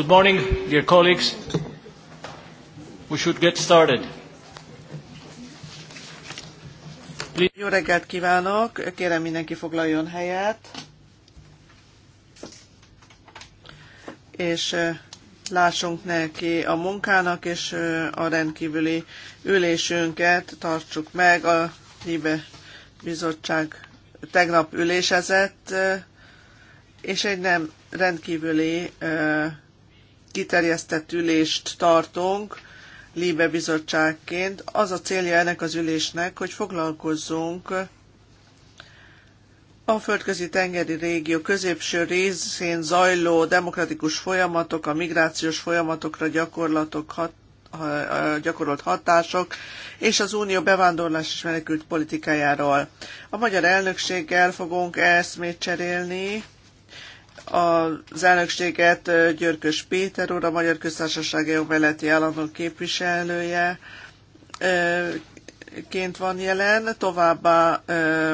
Good morning, dear colleagues. We should get started. Please. Jó reggelt kívánok! Kérem mindenki foglaljon helyet. És lássunk neki a munkának, és a rendkívüli ülésünket tartsuk meg. A Libe Bizottság tegnap ülésezett, és egy nem rendkívüli kiterjesztett ülést tartunk, Líbe bizottságként. Az a célja ennek az ülésnek, hogy foglalkozzunk a földközi tengeri régió középső részén zajló demokratikus folyamatok, a migrációs folyamatokra gyakorlatok hat, gyakorolt hatások, és az unió bevándorlás és menekült politikájáról. A magyar elnökséggel fogunk eszmét cserélni, az elnökséget Györkös Péter úr, a Magyar Köztársaság Jogmeleti e Állandó képviselője ként van jelen, továbbá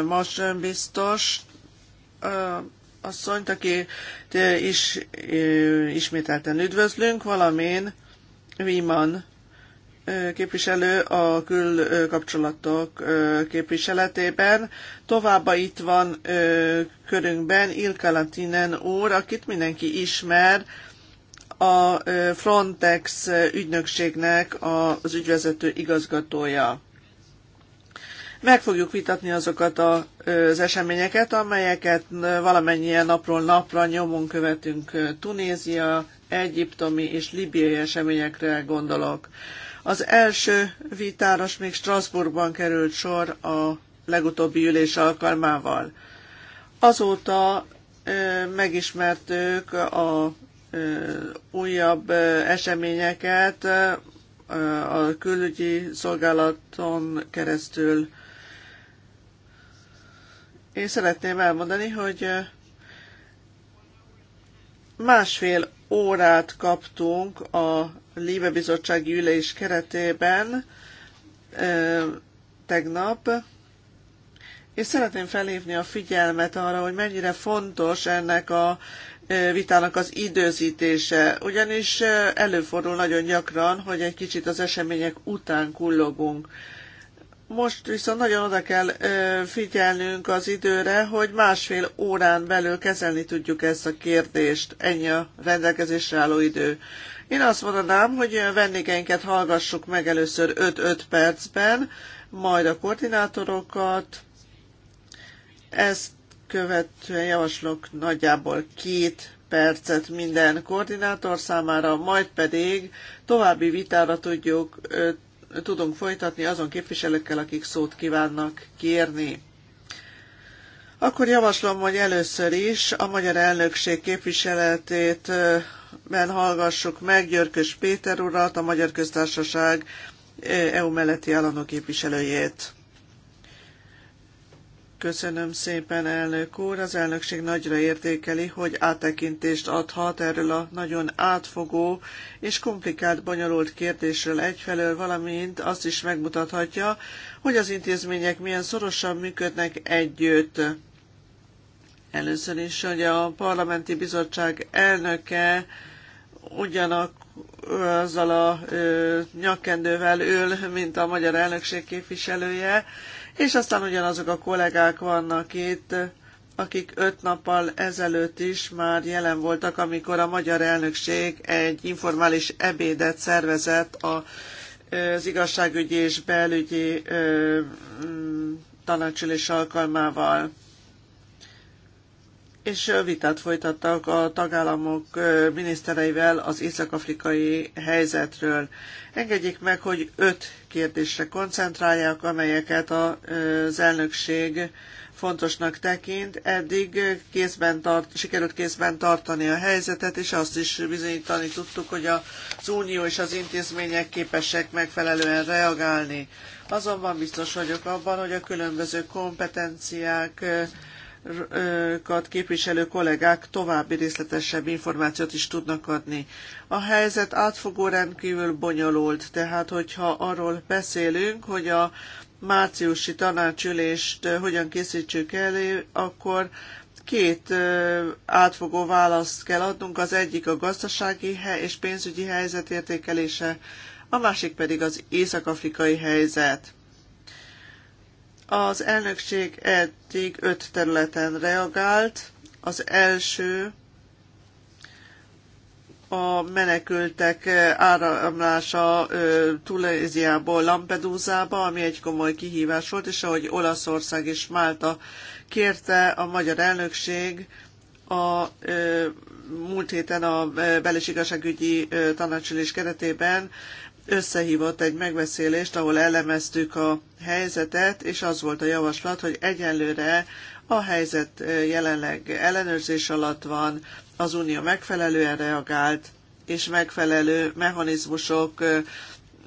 Masön biztos asszonyt, aki is ismételten üdvözlünk, valamint Wiman képviselő a külkapcsolatok képviseletében. Továbbá itt van körünkben Ilka Latinen úr, akit mindenki ismer, a Frontex ügynökségnek az ügyvezető igazgatója. Meg fogjuk vitatni azokat az eseményeket, amelyeket valamennyien napról napra nyomon követünk Tunézia, egyiptomi és libiai eseményekre gondolok. Az első vitára még Strasbourgban került sor a legutóbbi ülés alkalmával. Azóta megismertük a újabb eseményeket a külügyi szolgálaton keresztül. Én szeretném elmondani, hogy másfél órát kaptunk a Líve Bizottsági Ülés keretében tegnap, és szeretném felhívni a figyelmet arra, hogy mennyire fontos ennek a vitának az időzítése, ugyanis előfordul nagyon gyakran, hogy egy kicsit az események után kullogunk. Most viszont nagyon oda kell figyelnünk az időre, hogy másfél órán belül kezelni tudjuk ezt a kérdést. Ennyi a rendelkezésre álló idő. Én azt mondanám, hogy vendégeinket hallgassuk meg először 5-5 percben, majd a koordinátorokat. Ezt követően javaslok nagyjából két percet minden koordinátor számára, majd pedig további vitára tudjuk, tudunk folytatni azon képviselőkkel, akik szót kívánnak kérni. Akkor javaslom, hogy először is a magyar elnökség képviseletét ben hallgassuk meg Györkös Péter urat, a Magyar Köztársaság EU eh, e melletti állandó képviselőjét. Köszönöm szépen, elnök úr. Az elnökség nagyra értékeli, hogy áttekintést adhat erről a nagyon átfogó és komplikált, bonyolult kérdésről egyfelől, valamint azt is megmutathatja, hogy az intézmények milyen szorosan működnek együtt Először is, hogy a parlamenti bizottság elnöke ugyanak azzal a ö, nyakkendővel ül, mint a magyar elnökség képviselője, és aztán ugyanazok a kollégák vannak itt, akik öt nappal ezelőtt is már jelen voltak, amikor a magyar elnökség egy informális ebédet szervezett a, az igazságügyi és belügyi ö, tanácsülés alkalmával és vitát folytattak a tagállamok minisztereivel az észak-afrikai helyzetről. Engedjék meg, hogy öt kérdésre koncentráljak, amelyeket az elnökség fontosnak tekint. Eddig kézben tart, sikerült kézben tartani a helyzetet, és azt is bizonyítani tudtuk, hogy az unió és az intézmények képesek megfelelően reagálni. Azonban biztos vagyok abban, hogy a különböző kompetenciák kat képviselő kollégák további részletesebb információt is tudnak adni. A helyzet átfogó rendkívül bonyolult, tehát hogyha arról beszélünk, hogy a márciusi tanácsülést eh, hogyan készítsük elő, akkor két eh, átfogó választ kell adnunk, az egyik a gazdasági és pénzügyi helyzet értékelése, a másik pedig az észak-afrikai helyzet. Az elnökség eddig öt területen reagált. Az első a menekültek áramlása Tuléziából Lampedúzába, ami egy komoly kihívás volt, és ahogy Olaszország és Málta kérte, a magyar elnökség a múlt héten a belis igazságügyi tanácsülés keretében összehívott egy megbeszélést, ahol elemeztük a helyzetet, és az volt a javaslat, hogy egyenlőre a helyzet jelenleg ellenőrzés alatt van, az Unió megfelelően reagált, és megfelelő mechanizmusok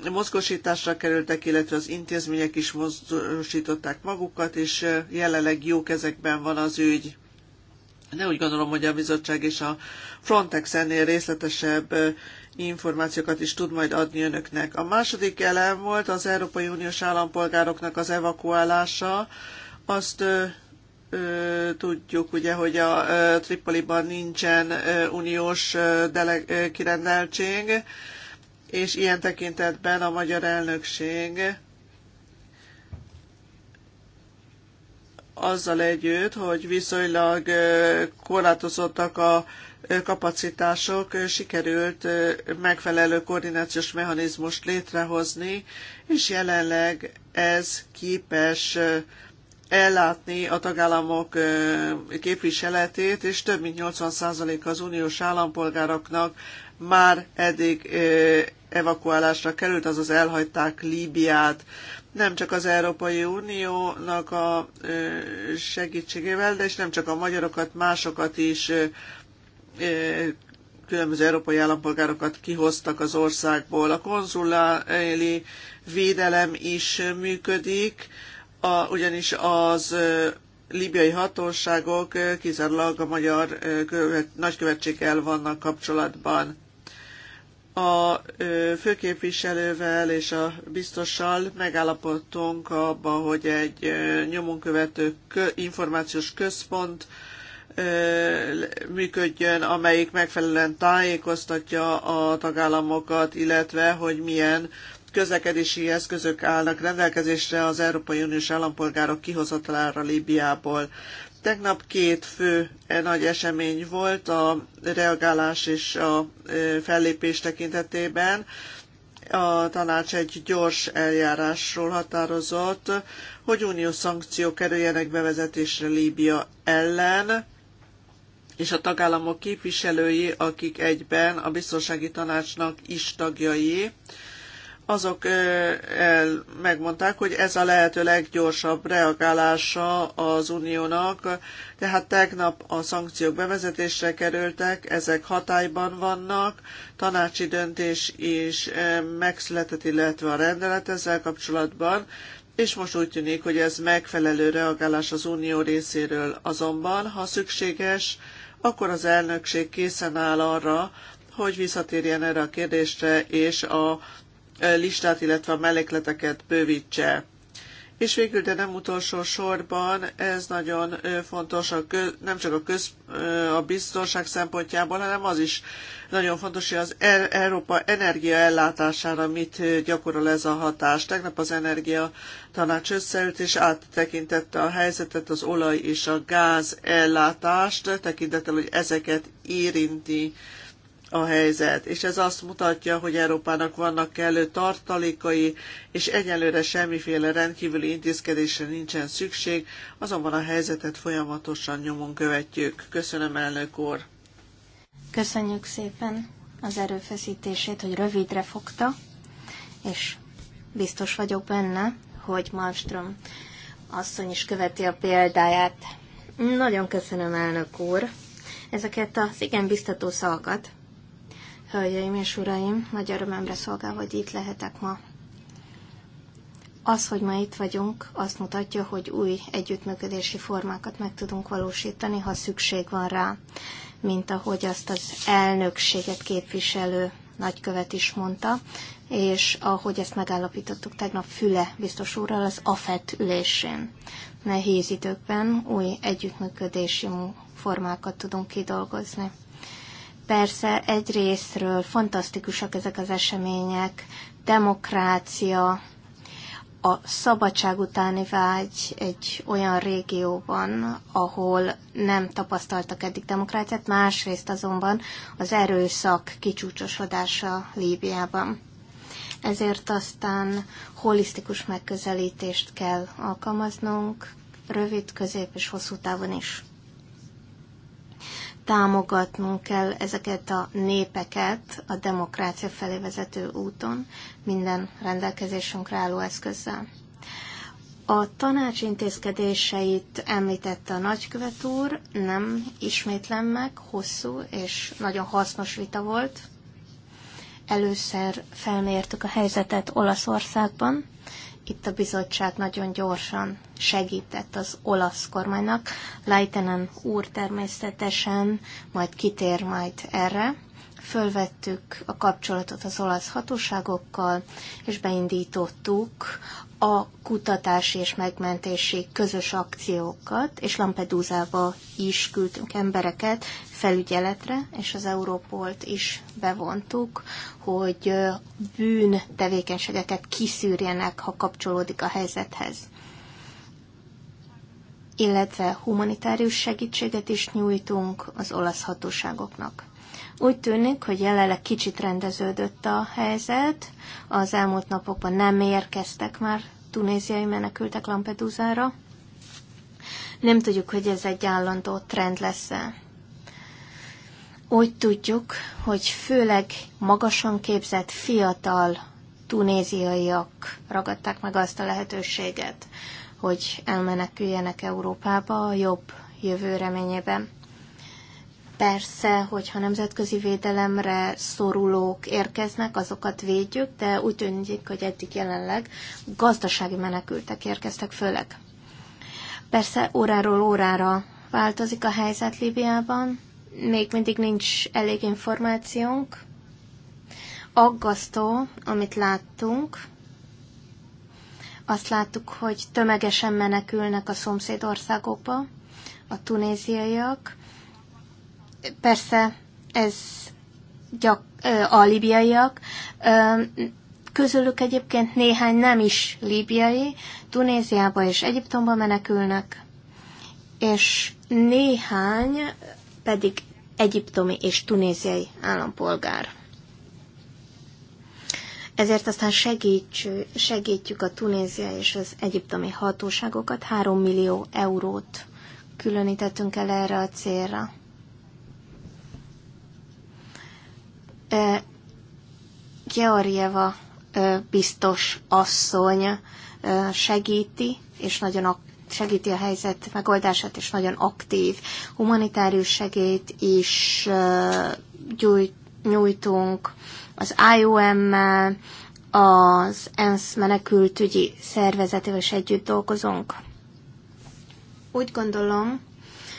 mozgósításra kerültek, illetve az intézmények is mozgósították magukat, és jelenleg jó kezekben van az ügy. De úgy gondolom, hogy a bizottság és a Frontex ennél részletesebb információkat is tud majd adni önöknek. A második elem volt az Európai Uniós állampolgároknak az evakuálása. Azt ö, ö, tudjuk ugye, hogy a ö, Tripoliban nincsen ö, uniós ö, dele, ö, kirendeltség, és ilyen tekintetben a magyar elnökség azzal együtt, hogy viszonylag korlátozottak a kapacitások sikerült megfelelő koordinációs mechanizmust létrehozni, és jelenleg ez képes ellátni a tagállamok képviseletét, és több mint 80% az uniós állampolgároknak már eddig evakuálásra került, azaz elhagyták Líbiát. Nem csak az Európai Uniónak a segítségével, de és nem csak a magyarokat, másokat is különböző európai állampolgárokat kihoztak az országból. A konzuláli védelem is működik, a, ugyanis az libiai hatóságok kizárólag a magyar követ, nagykövetséggel vannak kapcsolatban. A főképviselővel és a biztossal megállapodtunk abban, hogy egy nyomonkövető információs központ működjön, amelyik megfelelően tájékoztatja a tagállamokat, illetve hogy milyen közlekedési eszközök állnak rendelkezésre az Európai Uniós állampolgárok kihozatalára Líbiából. Tegnap két fő e, nagy esemény volt a reagálás és a fellépés tekintetében. A tanács egy gyors eljárásról határozott, hogy uniós szankciók kerüljenek bevezetésre Líbia ellen és a tagállamok képviselői, akik egyben a biztonsági tanácsnak is tagjai, azok el, megmondták, hogy ez a lehető leggyorsabb reagálása az uniónak, tehát tegnap a szankciók bevezetésre kerültek, ezek hatályban vannak, tanácsi döntés is megszületett, illetve a rendelet ezzel kapcsolatban, és most úgy tűnik, hogy ez megfelelő reagálás az unió részéről. Azonban, ha szükséges, akkor az elnökség készen áll arra, hogy visszatérjen erre a kérdésre, és a listát, illetve a mellékleteket bővítse. És végül, de nem utolsó sorban, ez nagyon fontos a nem csak a, köz, a biztonság szempontjából, hanem az is nagyon fontos, hogy az e-, Európa energiaellátására mit gyakorol ez a hatás. Tegnap az Energia Tanács összeült és áttekintette a helyzetet, az olaj és a gáz ellátást, tekintettel, hogy ezeket érinti a helyzet, és ez azt mutatja, hogy Európának vannak kellő tartalékai, és egyelőre semmiféle rendkívüli intézkedésre nincsen szükség, azonban a helyzetet folyamatosan nyomon követjük. Köszönöm, elnök úr! Köszönjük szépen az erőfeszítését, hogy rövidre fogta, és biztos vagyok benne, hogy Malmström asszony is követi a példáját. Nagyon köszönöm, elnök úr! Ezeket az igen biztató szavakat, Hölgyeim és uraim, nagy örömömre szolgál, hogy itt lehetek ma. Az, hogy ma itt vagyunk, azt mutatja, hogy új együttműködési formákat meg tudunk valósítani, ha szükség van rá, mint ahogy azt az elnökséget képviselő nagykövet is mondta, és ahogy ezt megállapítottuk tegnap Füle biztos úrral az AFET ülésén. Nehéz időkben új együttműködési formákat tudunk kidolgozni. Persze egy részről fantasztikusak ezek az események, demokrácia, a szabadság utáni vágy egy olyan régióban, ahol nem tapasztaltak eddig demokráciát, másrészt azonban az erőszak kicsúcsosodása Líbiában. Ezért aztán holisztikus megközelítést kell alkalmaznunk, rövid, közép és hosszú távon is támogatnunk kell ezeket a népeket a demokrácia felé vezető úton minden rendelkezésünkre álló eszközzel. A tanács intézkedéseit említette a nagykövet úr, nem ismétlem meg, hosszú és nagyon hasznos vita volt. Először felmértük a helyzetet Olaszországban, itt a bizottság nagyon gyorsan segített az olasz kormánynak. Leitenen úr természetesen majd kitér majd erre. Fölvettük a kapcsolatot az olasz hatóságokkal, és beindítottuk a kutatási és megmentési közös akciókat, és Lampedusába is küldtünk embereket felügyeletre, és az Európolt is bevontuk, hogy bűn tevékenységeket kiszűrjenek, ha kapcsolódik a helyzethez. Illetve humanitárius segítséget is nyújtunk az olasz hatóságoknak. Úgy tűnik, hogy jelenleg kicsit rendeződött a helyzet. Az elmúlt napokban nem érkeztek már tunéziai menekültek Lampedusa-ra. Nem tudjuk, hogy ez egy állandó trend lesz-e. Úgy tudjuk, hogy főleg magasan képzett fiatal tunéziaiak ragadták meg azt a lehetőséget, hogy elmeneküljenek Európába a jobb jövő reményében. Persze, hogyha nemzetközi védelemre szorulók érkeznek, azokat védjük, de úgy tűnik, hogy eddig jelenleg gazdasági menekültek érkeztek főleg. Persze óráról órára változik a helyzet Líbiában, még mindig nincs elég információnk. Aggasztó, amit láttunk. Azt láttuk, hogy tömegesen menekülnek a szomszédországokba a tunéziaiak, persze ez gyak, a libiaiak, közülük egyébként néhány nem is líbiai, Tunéziába és Egyiptomba menekülnek, és néhány pedig egyiptomi és tunéziai állampolgár. Ezért aztán segítsük, segítjük a tunéziai és az egyiptomi hatóságokat, 3 millió eurót különítettünk el erre a célra. Georgieva biztos asszony segíti, és nagyon segíti a helyzet megoldását, és nagyon aktív humanitárius segélyt is gyújt, nyújtunk az IOM-mel, az ENSZ menekültügyi szervezetével is együtt dolgozunk. Úgy gondolom,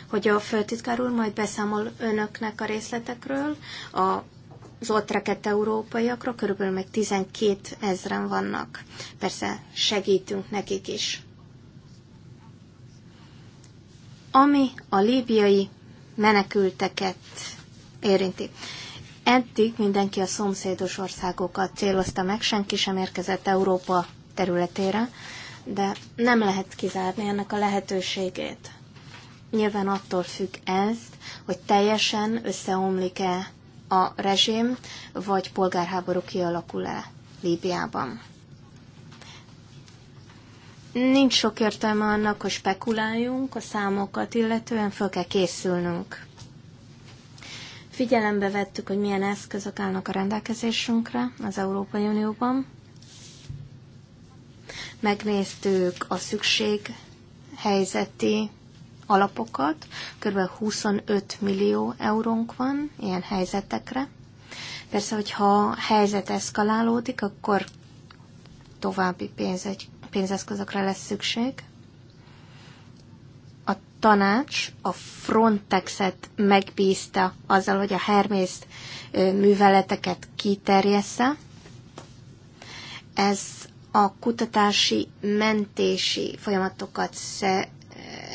hogy a főtitkár úr majd beszámol önöknek a részletekről, a az ott rekedt európaiakra, körülbelül meg 12 ezren vannak. Persze segítünk nekik is. Ami a líbiai menekülteket érinti. Eddig mindenki a szomszédos országokat célozta meg, senki sem érkezett Európa területére, de nem lehet kizárni ennek a lehetőségét. Nyilván attól függ ez, hogy teljesen összeomlik-e a rezsim, vagy polgárháború kialakul le Líbiában. Nincs sok értelme annak, hogy spekuláljunk a számokat, illetően föl kell készülnünk. Figyelembe vettük, hogy milyen eszközök állnak a rendelkezésünkre az Európai Unióban. Megnéztük a szükség helyzeti alapokat, kb. 25 millió eurónk van ilyen helyzetekre. Persze, hogyha a helyzet eszkalálódik, akkor további pénz, pénzeszközökre lesz szükség. A tanács a Frontexet megbízta azzal, hogy a Hermész műveleteket kiterjessze. Ez a kutatási, mentési folyamatokat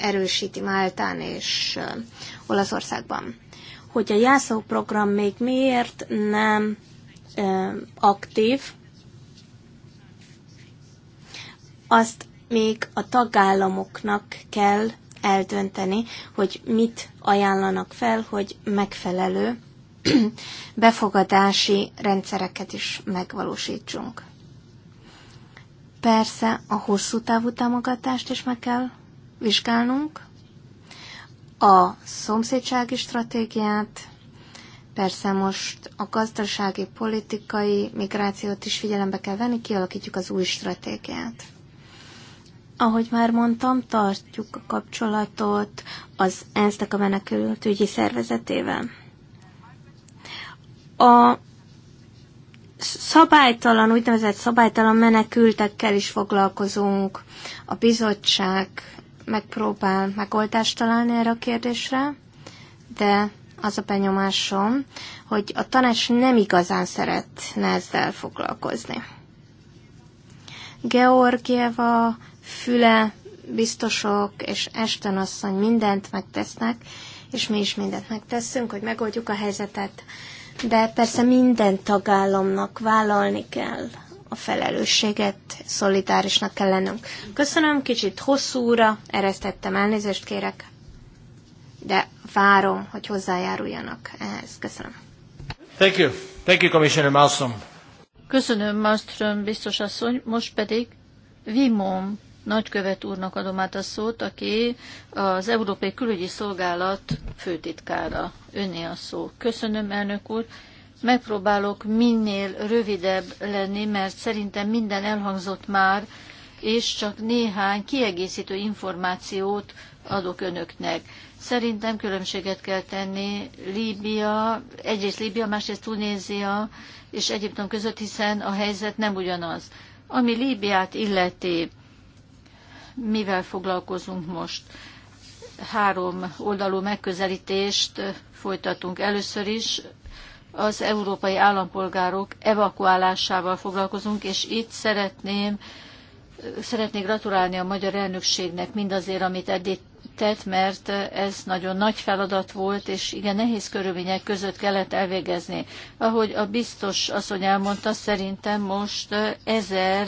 erősíti Máltán és Olaszországban. Hogy a Jászó program még miért nem aktív, azt még a tagállamoknak kell eldönteni, hogy mit ajánlanak fel, hogy megfelelő befogadási rendszereket is megvalósítsunk. Persze a hosszú távú támogatást is meg kell vizsgálnunk, a szomszédsági stratégiát, persze most a gazdasági, politikai migrációt is figyelembe kell venni, kialakítjuk az új stratégiát. Ahogy már mondtam, tartjuk a kapcsolatot az ensz a menekültügyi szervezetével. A szabálytalan, úgynevezett szabálytalan menekültekkel is foglalkozunk. A bizottság megpróbál megoldást találni erre a kérdésre, de az a benyomásom, hogy a tanács nem igazán szeretne ezzel foglalkozni. Georgieva, Füle, biztosok és Esten asszony mindent megtesznek, és mi is mindent megteszünk, hogy megoldjuk a helyzetet. De persze minden tagállamnak vállalni kell a felelősséget szolidárisnak kell lennünk. Köszönöm, kicsit hosszúra eresztettem, elnézést kérek, de várom, hogy hozzájáruljanak ehhez. Köszönöm. Thank you. Thank you, Commissioner Malmström. Köszönöm, Malmström biztos asszony. Most pedig Vimom nagykövet úrnak adom át a szót, aki az Európai Külügyi Szolgálat főtitkára. Öné a szó. Köszönöm, elnök úr. Megpróbálok minél rövidebb lenni, mert szerintem minden elhangzott már, és csak néhány kiegészítő információt adok önöknek. Szerintem különbséget kell tenni Líbia, egyrészt Líbia, másrészt Tunézia és Egyiptom között, hiszen a helyzet nem ugyanaz. Ami Líbiát illeti, mivel foglalkozunk most? Három oldalú megközelítést folytatunk először is az európai állampolgárok evakuálásával foglalkozunk, és itt szeretném, szeretnék gratulálni a magyar elnökségnek mindazért, amit eddig tett, mert ez nagyon nagy feladat volt, és igen nehéz körülmények között kellett elvégezni. Ahogy a biztos asszony elmondta, szerintem most ezer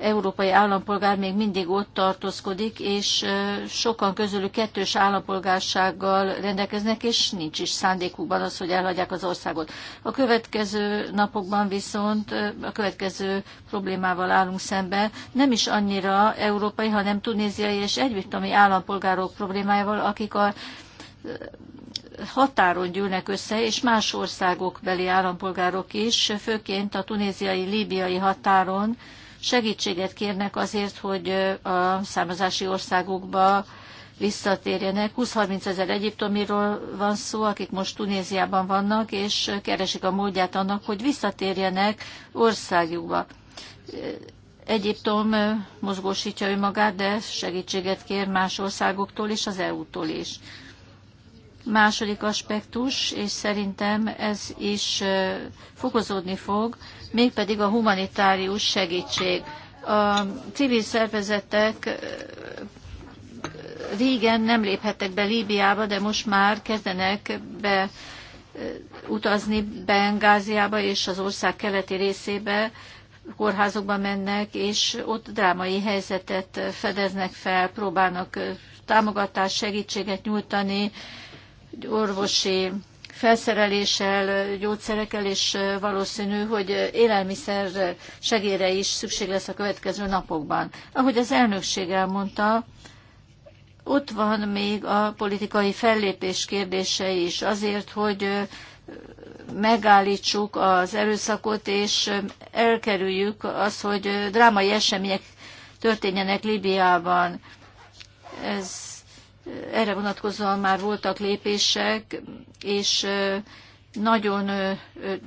európai állampolgár még mindig ott tartózkodik, és sokan közülük kettős állampolgársággal rendelkeznek, és nincs is szándékukban az, hogy elhagyják az országot. A következő napokban viszont a következő problémával állunk szemben, nem is annyira európai, hanem tunéziai és egyvittami állampolgárok problémájával, akik a határon gyűlnek össze, és más országok beli állampolgárok is, főként a tunéziai-líbiai határon, segítséget kérnek azért, hogy a származási országukba visszatérjenek. 20-30 ezer egyiptomiról van szó, akik most Tunéziában vannak, és keresik a módját annak, hogy visszatérjenek országjukba. Egyiptom mozgósítja önmagát, de segítséget kér más országoktól és az EU-tól is. Második aspektus, és szerintem ez is fokozódni fog, mégpedig a humanitárius segítség. A civil szervezetek régen nem léphettek be Líbiába, de most már kezdenek be utazni Bengáziába és az ország keleti részébe, kórházokba mennek, és ott drámai helyzetet fedeznek fel, próbálnak támogatást, segítséget nyújtani, orvosi felszereléssel, gyógyszerekkel, és valószínű, hogy élelmiszer segére is szükség lesz a következő napokban. Ahogy az elnökség elmondta, ott van még a politikai fellépés kérdése is, azért, hogy megállítsuk az erőszakot, és elkerüljük az, hogy drámai események történjenek Líbiában. Ez erre vonatkozóan már voltak lépések, és nagyon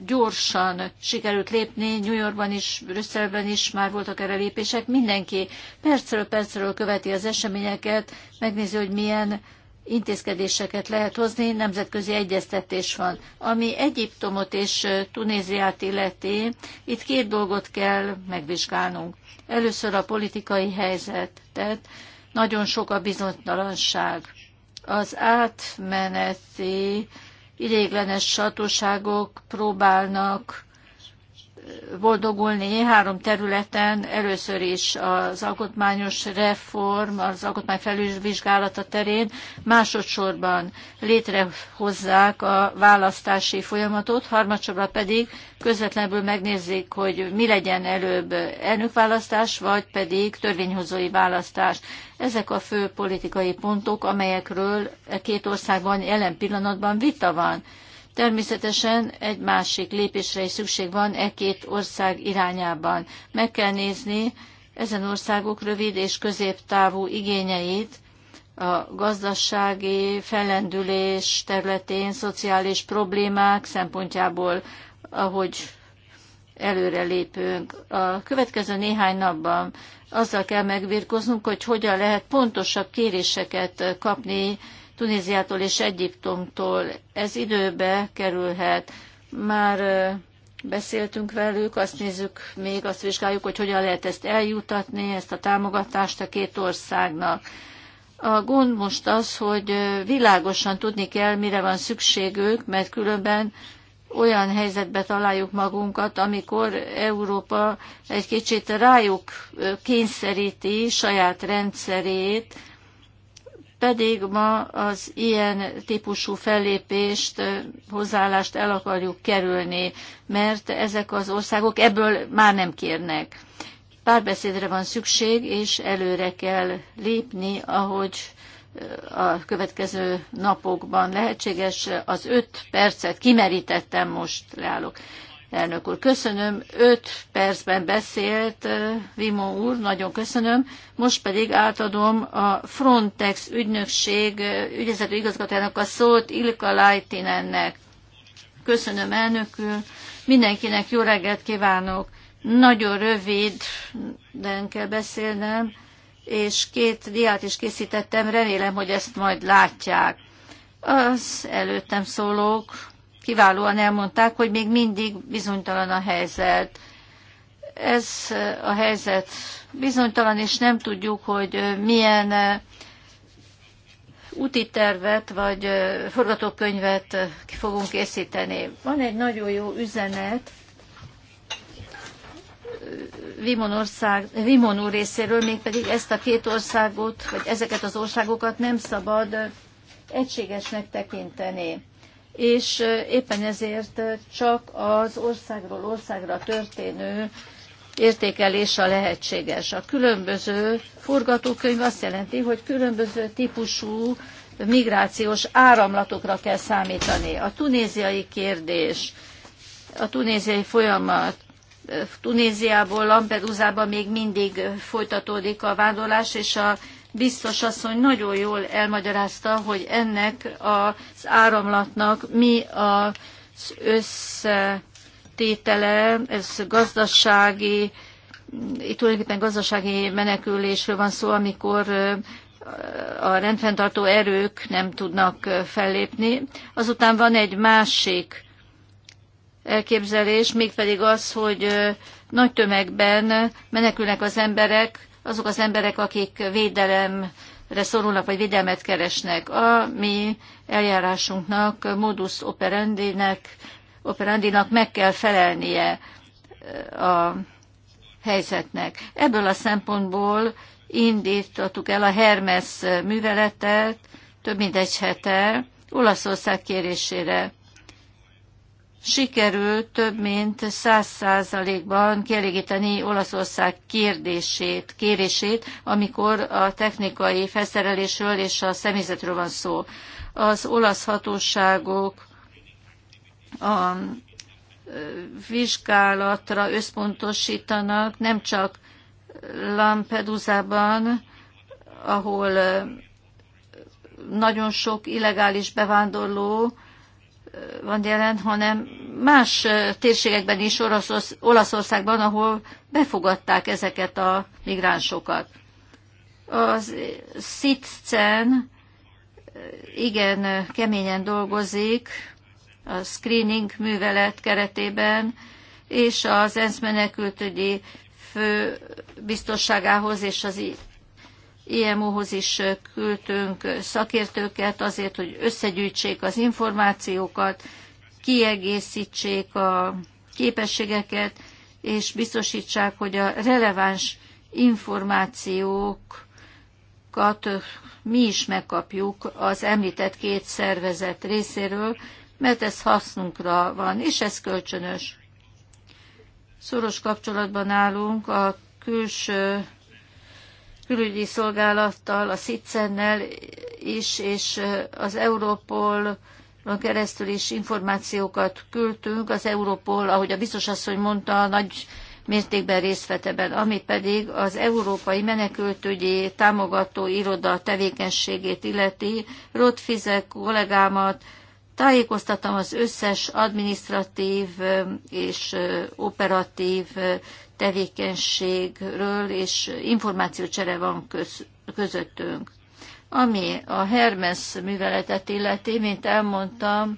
gyorsan sikerült lépni, New Yorkban is, Brüsszelben is már voltak erre lépések. Mindenki percről percről követi az eseményeket, megnézi, hogy milyen intézkedéseket lehet hozni, nemzetközi egyeztetés van. Ami Egyiptomot és Tunéziát illeti, itt két dolgot kell megvizsgálnunk. Először a politikai helyzetet nagyon sok a bizonytalanság. Az átmeneti ideiglenes satóságok próbálnak boldogulni három területen. Először is az alkotmányos reform, az alkotmány felülvizsgálata terén, másodszorban létrehozzák a választási folyamatot, harmadsorban pedig közvetlenül megnézzék, hogy mi legyen előbb elnökválasztás, vagy pedig törvényhozói választás. Ezek a fő politikai pontok, amelyekről e két országban jelen pillanatban vita van Természetesen egy másik lépésre is szükség van e két ország irányában. Meg kell nézni ezen országok rövid és középtávú igényeit, a gazdasági fellendülés területén, szociális problémák szempontjából, ahogy előre lépünk. A következő néhány napban azzal kell megbírkoznunk, hogy hogyan lehet pontosabb kéréseket kapni Tunéziától és Egyiptomtól. Ez időbe kerülhet. Már beszéltünk velük, azt nézzük még, azt vizsgáljuk, hogy hogyan lehet ezt eljutatni, ezt a támogatást a két országnak. A gond most az, hogy világosan tudni kell, mire van szükségük, mert különben olyan helyzetbe találjuk magunkat, amikor Európa egy kicsit rájuk kényszeríti saját rendszerét, pedig ma az ilyen típusú fellépést, hozzáállást el akarjuk kerülni, mert ezek az országok ebből már nem kérnek. Párbeszédre van szükség, és előre kell lépni, ahogy a következő napokban lehetséges. Az öt percet kimerítettem, most leállok elnök úr. Köszönöm, öt percben beszélt eh, Vimo úr, nagyon köszönöm. Most pedig átadom a Frontex ügynökség eh, ügyezető igazgatójának a szót Ilka Lajtinennek. Köszönöm, elnök úr. Mindenkinek jó reggelt kívánok. Nagyon rövid, de kell beszélnem, és két diát is készítettem, remélem, hogy ezt majd látják. Az előttem szólók kiválóan elmondták, hogy még mindig bizonytalan a helyzet. Ez a helyzet bizonytalan, és nem tudjuk, hogy milyen úti tervet vagy forgatókönyvet fogunk készíteni. Van egy nagyon jó üzenet Vimon, ország, Vimon úr részéről, mégpedig ezt a két országot, vagy ezeket az országokat nem szabad egységesnek tekinteni és éppen ezért csak az országról országra történő értékelés a lehetséges. A különböző forgatókönyv azt jelenti, hogy különböző típusú migrációs áramlatokra kell számítani. A tunéziai kérdés, a tunéziai folyamat, Tunéziából Lampedusába még mindig folytatódik a vándorlás, és a biztos asszony nagyon jól elmagyarázta, hogy ennek az áramlatnak mi az összetétele, ez gazdasági, itt tulajdonképpen gazdasági menekülésről van szó, amikor a rendfenntartó erők nem tudnak fellépni. Azután van egy másik elképzelés, mégpedig az, hogy nagy tömegben menekülnek az emberek, azok az emberek, akik védelemre szorulnak, vagy védelmet keresnek. A mi eljárásunknak, modus operandinek, operandinak meg kell felelnie a helyzetnek. Ebből a szempontból indítottuk el a Hermes műveletet több mint egy hete Olaszország kérésére sikerült több mint száz százalékban kielégíteni Olaszország kérdését, kérését, amikor a technikai felszerelésről és a személyzetről van szó. Az olasz hatóságok a vizsgálatra összpontosítanak, nem csak Lampedusában, ahol nagyon sok illegális bevándorló, van jelen, hanem más térségekben is, Olaszországban, ahol befogadták ezeket a migránsokat. Az SITCEN igen keményen dolgozik a screening művelet keretében, és az ENSZ menekültügyi fő biztosságához és az IMO-hoz is küldtünk szakértőket azért, hogy összegyűjtsék az információkat, kiegészítsék a képességeket, és biztosítsák, hogy a releváns információkat mi is megkapjuk az említett két szervezet részéről, mert ez hasznunkra van, és ez kölcsönös. Szoros kapcsolatban állunk a külső külügyi szolgálattal, a SZICEN-nel is, és az Európol keresztül is információkat küldtünk. Az Európol, ahogy a biztos asszony mondta, nagy mértékben részt vett ebben, ami pedig az Európai Menekültügyi Támogató Iroda tevékenységét illeti. Rod Fizek kollégámat tájékoztatom az összes administratív és operatív tevékenységről, és információcsere van köz, közöttünk. Ami a Hermes műveletet illeti, mint elmondtam,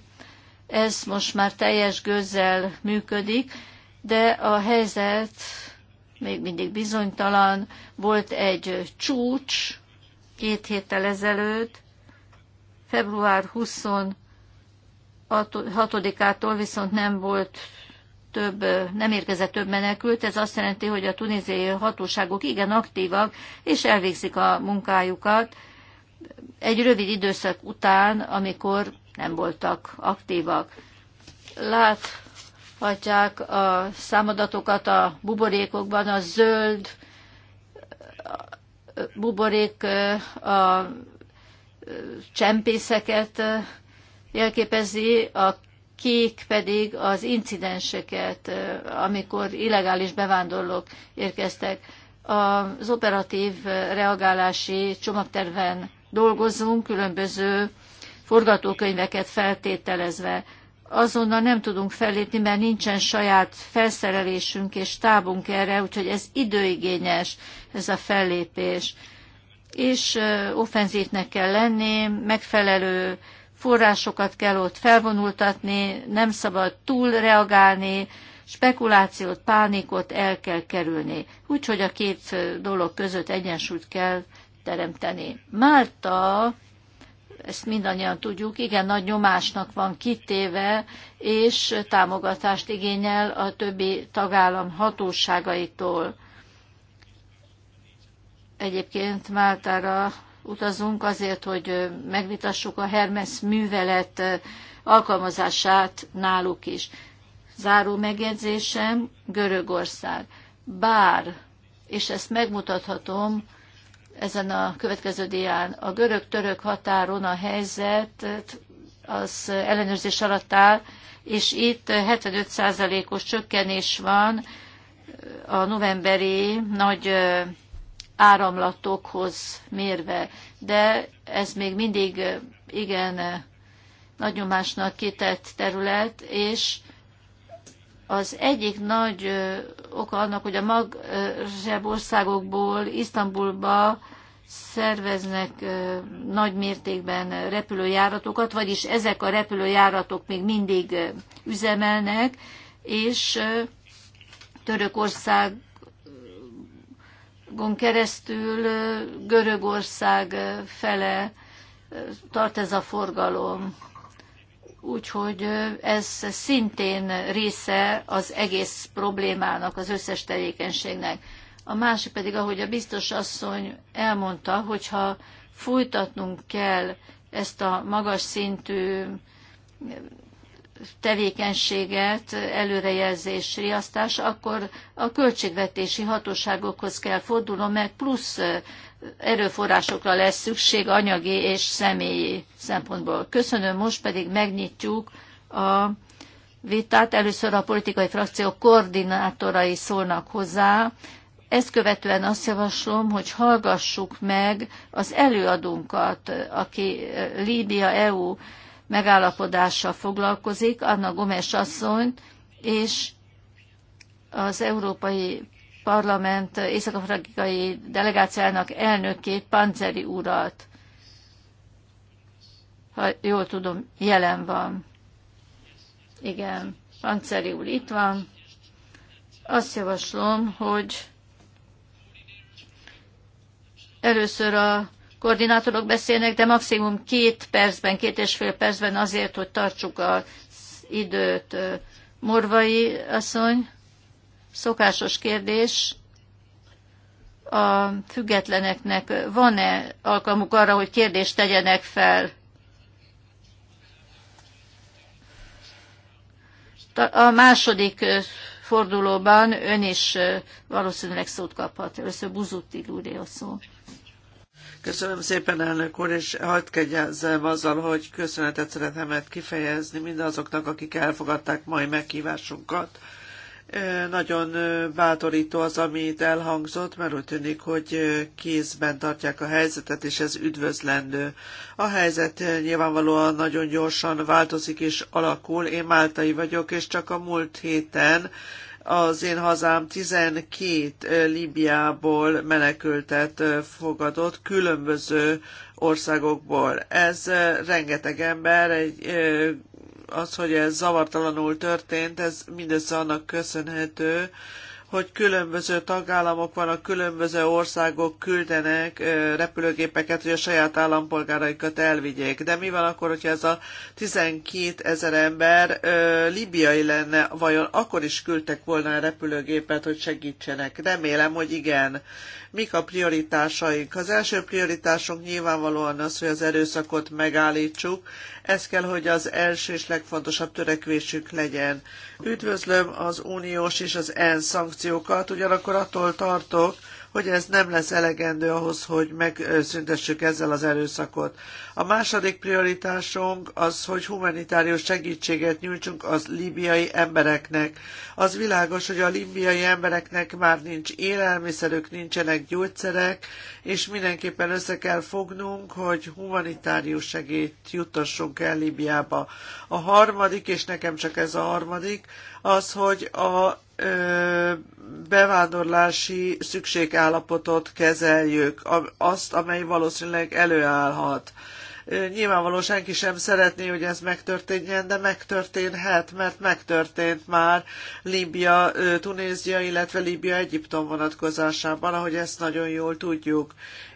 ez most már teljes gőzzel működik, de a helyzet még mindig bizonytalan. Volt egy csúcs két héttel ezelőtt, február 26-ától viszont nem volt több, nem érkezett több menekült, ez azt jelenti, hogy a tunéziai hatóságok igen aktívak, és elvégzik a munkájukat egy rövid időszak után, amikor nem voltak aktívak. Láthatják a számadatokat a buborékokban, a zöld buborék a csempészeket jelképezi, a kék pedig az incidenseket, amikor illegális bevándorlók érkeztek. Az operatív reagálási csomagterven dolgozunk, különböző forgatókönyveket feltételezve. Azonnal nem tudunk fellépni, mert nincsen saját felszerelésünk és tábunk erre, úgyhogy ez időigényes, ez a fellépés. És offenzívnek kell lenni, megfelelő forrásokat kell ott felvonultatni, nem szabad túl reagálni, spekulációt, pánikot el kell kerülni. Úgyhogy a két dolog között egyensúlyt kell teremteni. Málta, ezt mindannyian tudjuk, igen nagy nyomásnak van kitéve, és támogatást igényel a többi tagállam hatóságaitól. Egyébként Máltára utazunk azért, hogy megvitassuk a Hermes művelet alkalmazását náluk is. Záró megjegyzésem, Görögország. Bár, és ezt megmutathatom ezen a következő dián, a görög-török határon a helyzet az ellenőrzés alatt áll, és itt 75%-os csökkenés van a novemberi nagy áramlatokhoz mérve, de ez még mindig igen nagy nyomásnak kitett terület, és az egyik nagy oka annak, hogy a magreb országokból Isztambulba szerveznek nagy mértékben repülőjáratokat, vagyis ezek a repülőjáratok még mindig üzemelnek, és Törökország gon keresztül Görögország fele tart ez a forgalom. Úgyhogy ez szintén része az egész problémának, az összes tevékenységnek. A másik pedig, ahogy a biztos asszony elmondta, hogyha folytatnunk kell ezt a magas szintű tevékenységet előrejelzés riasztás, akkor a költségvetési hatóságokhoz kell fordulnom, mert plusz erőforrásokra lesz szükség anyagi és személyi szempontból. Köszönöm, most pedig megnyitjuk a vitát. Először a politikai frakciók koordinátorai szólnak hozzá. Ezt követően azt javaslom, hogy hallgassuk meg az előadónkat, aki Líbia EU megállapodással foglalkozik, Anna Gomes asszony, és az Európai Parlament észak-afrikai delegáciának elnökét, Panzeri urat, ha jól tudom, jelen van. Igen, Panzeri úr itt van. Azt javaslom, hogy először a koordinátorok beszélnek, de maximum két percben, két és fél percben azért, hogy tartsuk az időt. Morvai asszony, szokásos kérdés, a függetleneknek van-e alkalmuk arra, hogy kérdést tegyenek fel? A második fordulóban ön is valószínűleg szót kaphat. Először Buzutti úré a szó. Köszönöm szépen, elnök úr, és hadd kegyezzem azzal, hogy köszönetet szeretemet kifejezni mindazoknak, akik elfogadták mai meghívásunkat. Nagyon bátorító az, amit elhangzott, mert úgy tűnik, hogy kézben tartják a helyzetet, és ez üdvözlendő. A helyzet nyilvánvalóan nagyon gyorsan változik és alakul. Én Máltai vagyok, és csak a múlt héten az én hazám 12 Libiából menekültet fogadott különböző országokból. Ez rengeteg ember, egy, az, hogy ez zavartalanul történt, ez mindössze annak köszönhető, hogy különböző tagállamok vannak, különböző országok küldenek repülőgépeket, hogy a saját állampolgáraikat elvigyék. De mi van akkor, hogyha ez a 12 ezer ember libiai lenne, vajon akkor is küldtek volna a repülőgépet, hogy segítsenek? Remélem, hogy igen mik a prioritásaink. Az első prioritásunk nyilvánvalóan az, hogy az erőszakot megállítsuk. Ez kell, hogy az első és legfontosabb törekvésük legyen. Üdvözlöm az uniós és az EN szankciókat, ugyanakkor attól tartok, hogy ez nem lesz elegendő ahhoz, hogy megszüntessük ezzel az erőszakot. A második prioritásunk az, hogy humanitárius segítséget nyújtsunk az líbiai embereknek. Az világos, hogy a líbiai embereknek már nincs élelmiszerük, nincsenek gyógyszerek, és mindenképpen össze kell fognunk, hogy humanitárius segít juttassunk el Líbiába. A harmadik, és nekem csak ez a harmadik, az, hogy a bevándorlási szükségállapotot kezeljük, azt, amely valószínűleg előállhat. Nyilvánvaló senki sem szeretné, hogy ez megtörténjen, de megtörténhet, mert megtörtént már Líbia, Tunézia, illetve Líbia Egyiptom vonatkozásában, ahogy ezt nagyon jól tudjuk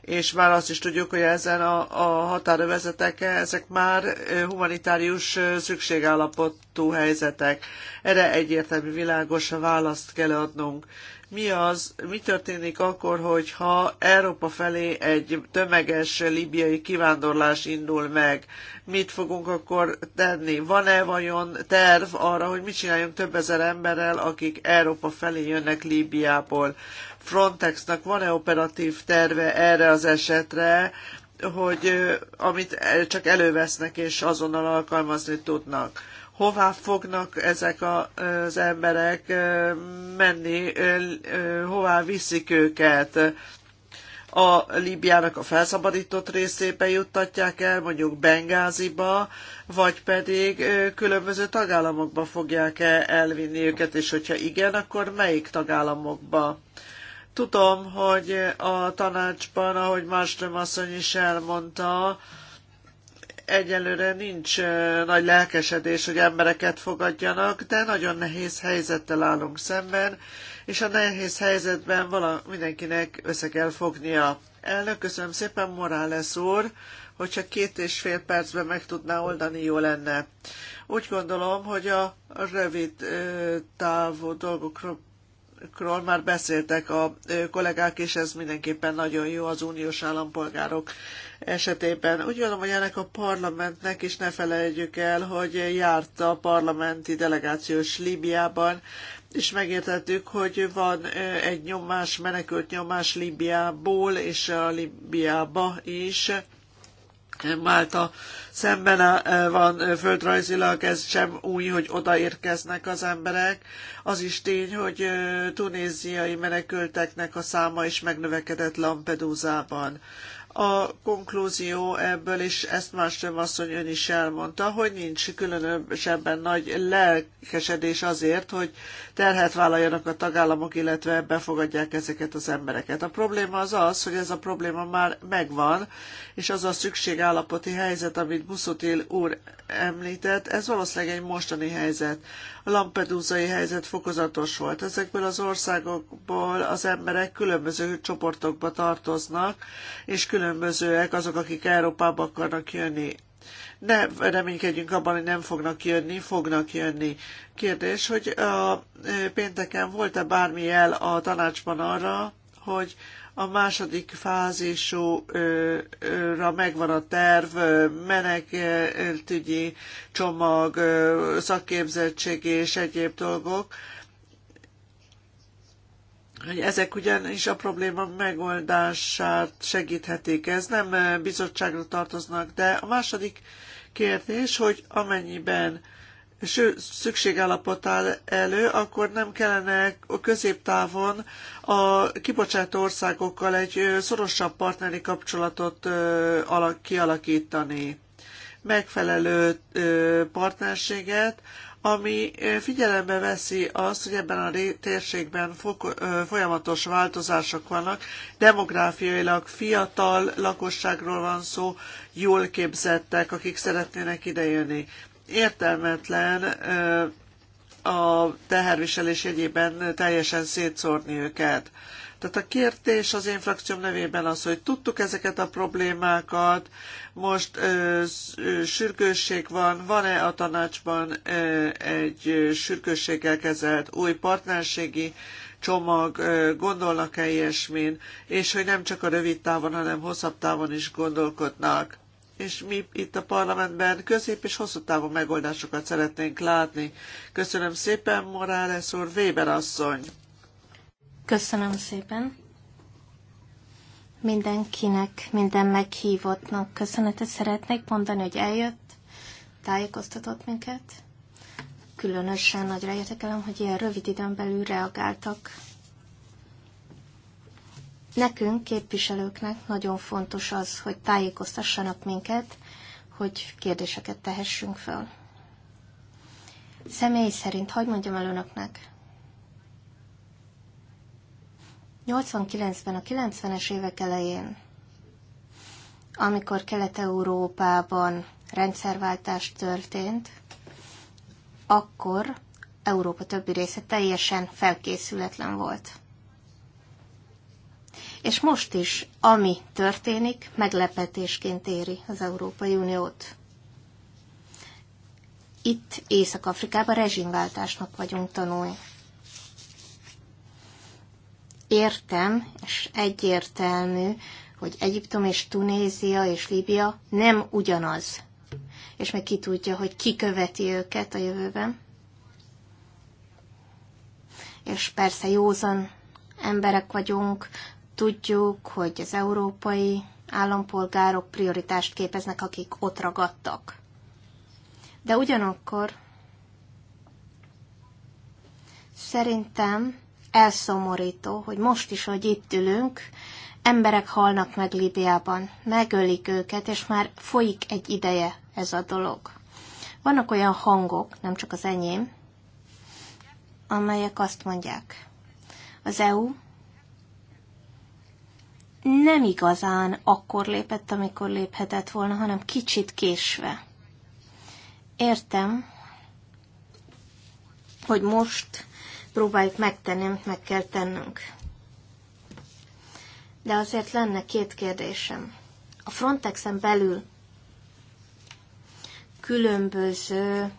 és már azt is tudjuk, hogy ezen a, a határövezetek, ezek már humanitárius szükségállapotú helyzetek. Erre egyértelmű, világos választ kell adnunk. Mi az, mi történik akkor, hogyha Európa felé egy tömeges libiai kivándorlás indul meg? Mit fogunk akkor tenni? Van-e vajon terv arra, hogy mit csináljunk több ezer emberrel, akik Európa felé jönnek Líbiából? Frontexnak van-e operatív terve erre az esetre, hogy amit csak elővesznek és azonnal alkalmazni tudnak. Hová fognak ezek az emberek menni, hová viszik őket? a Líbiának a felszabadított részébe juttatják el, mondjuk Bengáziba, vagy pedig különböző tagállamokba fogják -e elvinni őket, és hogyha igen, akkor melyik tagállamokba? Tudom, hogy a tanácsban, ahogy Mástrom asszony is elmondta, egyelőre nincs nagy lelkesedés, hogy embereket fogadjanak, de nagyon nehéz helyzettel állunk szemben, és a nehéz helyzetben vala, mindenkinek össze kell fognia. Elnök, köszönöm szépen, Morales úr, hogyha két és fél percben meg tudná oldani, jó lenne. Úgy gondolom, hogy a rövid távú dolgokról Król már beszéltek a kollégák, és ez mindenképpen nagyon jó az uniós állampolgárok esetében. Úgy gondolom, hogy ennek a parlamentnek is ne felejtjük el, hogy járt a parlamenti delegációs Líbiában, és megértettük, hogy van egy nyomás, menekült nyomás Líbiából és a Líbiába is, Málta szemben e, van e, földrajzilag, ez sem új, hogy odaérkeznek az emberek. Az is tény, hogy e, tunéziai menekülteknek a száma is megnövekedett Lampedusában. A konklúzió ebből, és ezt Márström asszony ön is elmondta, hogy nincs különösebben nagy lelkesedés azért, hogy terhet vállaljanak a tagállamok, illetve befogadják ezeket az embereket. A probléma az az, hogy ez a probléma már megvan, és az a szükségállapoti helyzet, amit Buszotil úr említett, ez valószínűleg egy mostani helyzet. A lampedusa-i helyzet fokozatos volt. Ezekből az országokból az emberek különböző csoportokba tartoznak, és különbözőek azok, akik Európába akarnak jönni. Ne reménykedjünk abban, hogy nem fognak jönni, fognak jönni. Kérdés, hogy a pénteken volt-e bármi jel a tanácsban arra, hogy a második fázisúra megvan a terv, menekültügyi csomag, szakképzettség és egyéb dolgok. Hogy ezek ugyanis a probléma megoldását segíthetik. Ez nem bizottságra tartoznak, de a második kérdés, hogy amennyiben szükségállapot áll elő, akkor nem kellene a középtávon a kibocsátó országokkal egy szorosabb partneri kapcsolatot kialakítani. Megfelelő partnerséget, ami figyelembe veszi azt, hogy ebben a térségben folyamatos változások vannak, demográfiailag fiatal lakosságról van szó, jól képzettek, akik szeretnének idejönni értelmetlen a teherviselés egyében teljesen szétszórni őket. Tehát a kértés az én frakcióm nevében az, hogy tudtuk ezeket a problémákat, most ö, sürgősség van, van-e a tanácsban ö, egy sürgősséggel kezelt új partnerségi csomag, ö, gondolnak-e ilyesmin, és hogy nem csak a rövid távon, hanem hosszabb távon is gondolkodnak és mi itt a parlamentben közép- és hosszú távú megoldásokat szeretnénk látni. Köszönöm szépen, Morales úr, Weber asszony! Köszönöm szépen! Mindenkinek, minden meghívottnak köszönetet szeretnék mondani, hogy eljött, tájékoztatott minket. Különösen nagyra értekelem, hogy ilyen rövid időn belül reagáltak Nekünk, képviselőknek nagyon fontos az, hogy tájékoztassanak minket, hogy kérdéseket tehessünk föl. Személy szerint, hagyd mondjam el önöknek? 89-ben, a 90-es évek elején, amikor Kelet-Európában rendszerváltás történt, akkor Európa többi része teljesen felkészületlen volt. És most is, ami történik, meglepetésként éri az Európai Uniót. Itt Észak-Afrikában rezsimváltásnak vagyunk tanulni. Értem, és egyértelmű, hogy Egyiptom és Tunézia és Líbia nem ugyanaz. És meg ki tudja, hogy ki követi őket a jövőben. És persze józan emberek vagyunk, Tudjuk, hogy az európai állampolgárok prioritást képeznek, akik ott ragadtak. De ugyanakkor szerintem elszomorító, hogy most is, hogy itt ülünk, emberek halnak meg Líbiában, megölik őket, és már folyik egy ideje ez a dolog. Vannak olyan hangok, nem csak az enyém, amelyek azt mondják, az EU nem igazán akkor lépett, amikor léphetett volna, hanem kicsit késve. Értem, hogy most próbáljuk megtenni, amit meg kell tennünk. De azért lenne két kérdésem. A Frontexen belül különböző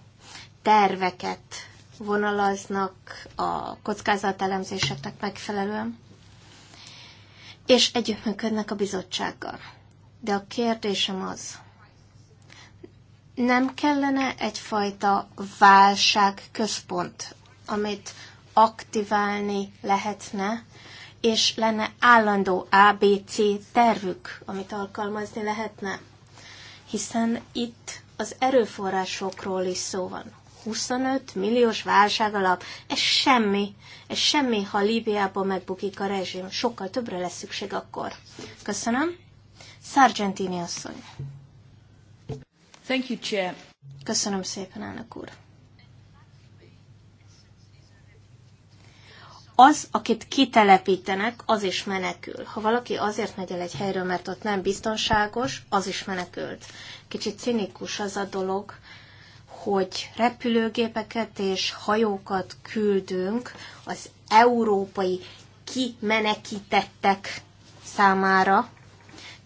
terveket vonalaznak a kockázatelemzéseknek megfelelően és együttműködnek a bizottsággal. De a kérdésem az, nem kellene egyfajta válságközpont, amit aktiválni lehetne, és lenne állandó ABC tervük, amit alkalmazni lehetne. Hiszen itt az erőforrásokról is szó van. 25 milliós válság alap. Ez semmi. Ez semmi, ha Líbiában megbukik a rezsim. Sokkal többre lesz szükség akkor. Köszönöm. Sargentini asszony. Thank you, Chair. Köszönöm szépen, elnök úr. az, akit kitelepítenek, az is menekül. Ha valaki azért megy el egy helyről, mert ott nem biztonságos, az is menekült. Kicsit cinikus az a dolog, hogy repülőgépeket és hajókat küldünk az európai kimenekítettek számára,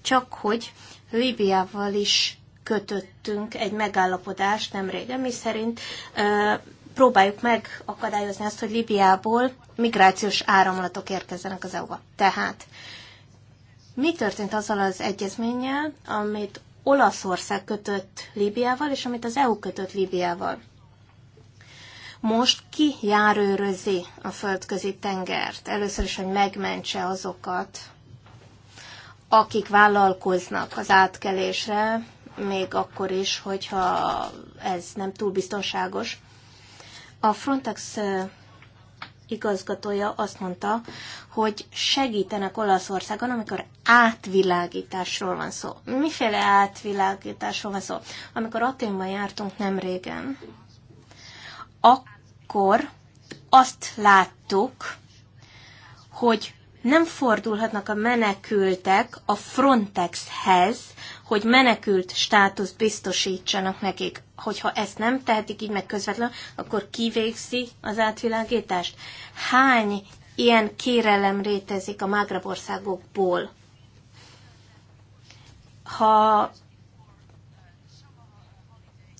csak hogy Líbiával is kötöttünk egy megállapodást nem régen, mi szerint ö, próbáljuk akadályozni azt, hogy Líbiából migrációs áramlatok érkezzenek az EU-ba. Tehát mi történt azzal az egyezménnyel, amit Olaszország kötött Líbiával, és amit az EU kötött Líbiával. Most ki járőrözi a földközi tengert? Először is, hogy megmentse azokat, akik vállalkoznak az átkelésre, még akkor is, hogyha ez nem túl biztonságos. A Frontex igazgatója azt mondta, hogy segítenek Olaszországon, amikor átvilágításról van szó. Miféle átvilágításról van szó? Amikor Aténban jártunk nem régen, akkor azt láttuk, hogy nem fordulhatnak a menekültek a Frontexhez, hogy menekült státusz biztosítsanak nekik. Hogyha ezt nem tehetik így meg közvetlenül, akkor kivégzi az átvilágítást. Hány ilyen kérelem rétezik a Mágrabországokból? Ha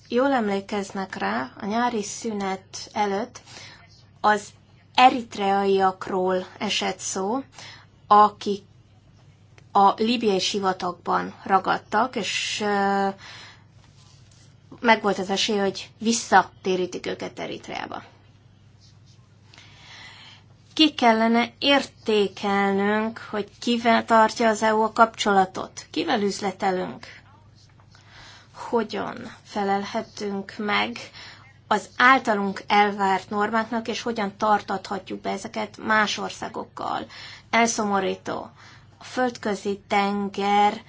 jól emlékeznek rá, a nyári szünet előtt az eritreaiakról esett szó, akik a libiai sivatagban ragadtak, és meg volt az esély, hogy visszatérítik őket Eritreába. Ki kellene értékelnünk, hogy kivel tartja az EU a kapcsolatot, kivel üzletelünk, hogyan felelhetünk meg az általunk elvárt normáknak, és hogyan tartathatjuk be ezeket más országokkal. Elszomorító, a földközi tenger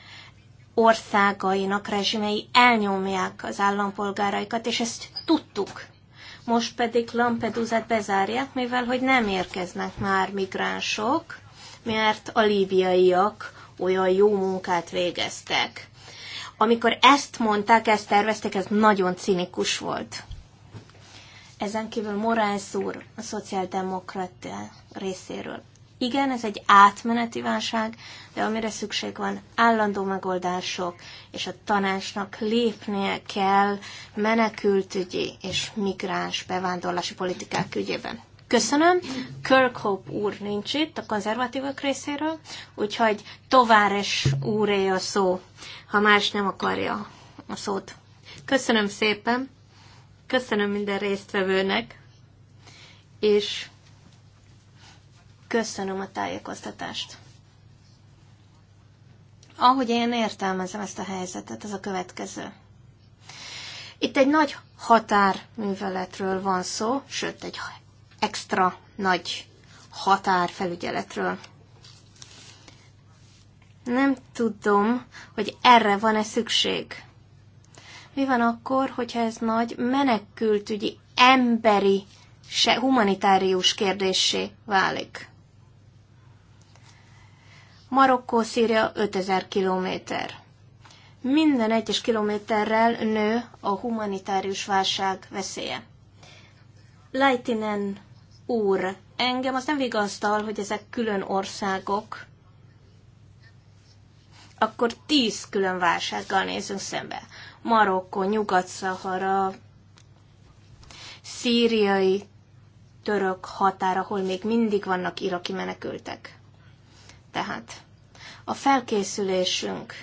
országainak rezsimei elnyomják az állampolgáraikat, és ezt tudtuk. Most pedig Lampedusát bezárják, mivel hogy nem érkeznek már migránsok, mert a líbiaiak olyan jó munkát végeztek. Amikor ezt mondták, ezt tervezték, ez nagyon cinikus volt. Ezen kívül Morales úr, a szociáldemokrata részéről igen, ez egy átmeneti válság, de amire szükség van, állandó megoldások, és a tanácsnak lépnie kell menekültügyi és migráns bevándorlási politikák ügyében. Köszönöm. Kirkhope úr nincs itt a konzervatívok részéről, úgyhogy Továres úré a szó, ha más nem akarja a szót. Köszönöm szépen, köszönöm minden résztvevőnek, és Köszönöm a tájékoztatást. Ahogy én értelmezem ezt a helyzetet, az a következő. Itt egy nagy határműveletről van szó, sőt, egy extra nagy határfelügyeletről. Nem tudom, hogy erre van-e szükség. Mi van akkor, hogyha ez nagy menekültügyi, emberi, se humanitárius kérdésé válik? Marokkó-Szíria 5000 kilométer. Minden egyes kilométerrel nő a humanitárius válság veszélye. Leitinen úr, engem az nem vigasztal, hogy ezek külön országok, akkor tíz külön válsággal nézünk szembe. Marokkó, Nyugat-Szahara, szíriai török határ, ahol még mindig vannak iraki menekültek. Tehát a felkészülésünk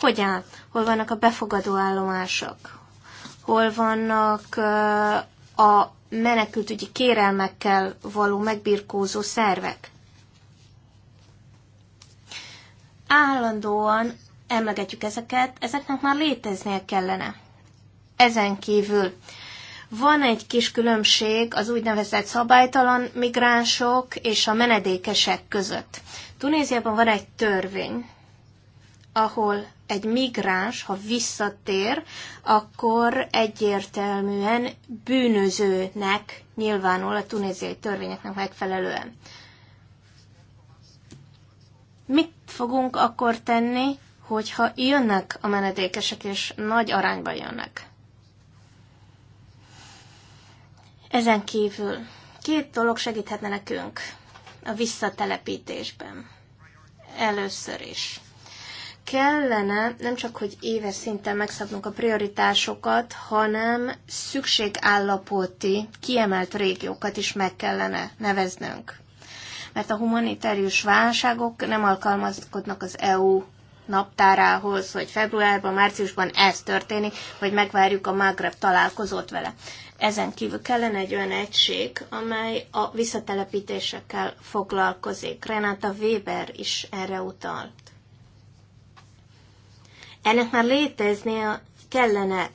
hogy áll? Hol vannak a befogadó állomások? Hol vannak a menekültügyi kérelmekkel való megbirkózó szervek? Állandóan emlegetjük ezeket, ezeknek már léteznie kellene. Ezen kívül van egy kis különbség az úgynevezett szabálytalan migránsok és a menedékesek között. Tunéziában van egy törvény, ahol egy migráns, ha visszatér, akkor egyértelműen bűnözőnek nyilvánul a tunéziai törvényeknek megfelelően. Mit fogunk akkor tenni, hogyha jönnek a menedékesek, és nagy arányban jönnek? Ezen kívül két dolog segíthetne nekünk a visszatelepítésben. Először is. Kellene nem csak, hogy éves szinten megszabnunk a prioritásokat, hanem szükségállapoti, kiemelt régiókat is meg kellene neveznünk. Mert a humanitárius válságok nem alkalmazkodnak az EU naptárához, hogy februárban, márciusban ez történik, vagy megvárjuk a Magreb találkozót vele. Ezen kívül kellene egy olyan egység, amely a visszatelepítésekkel foglalkozik. Renata Weber is erre utalt. Ennek már léteznie kellene,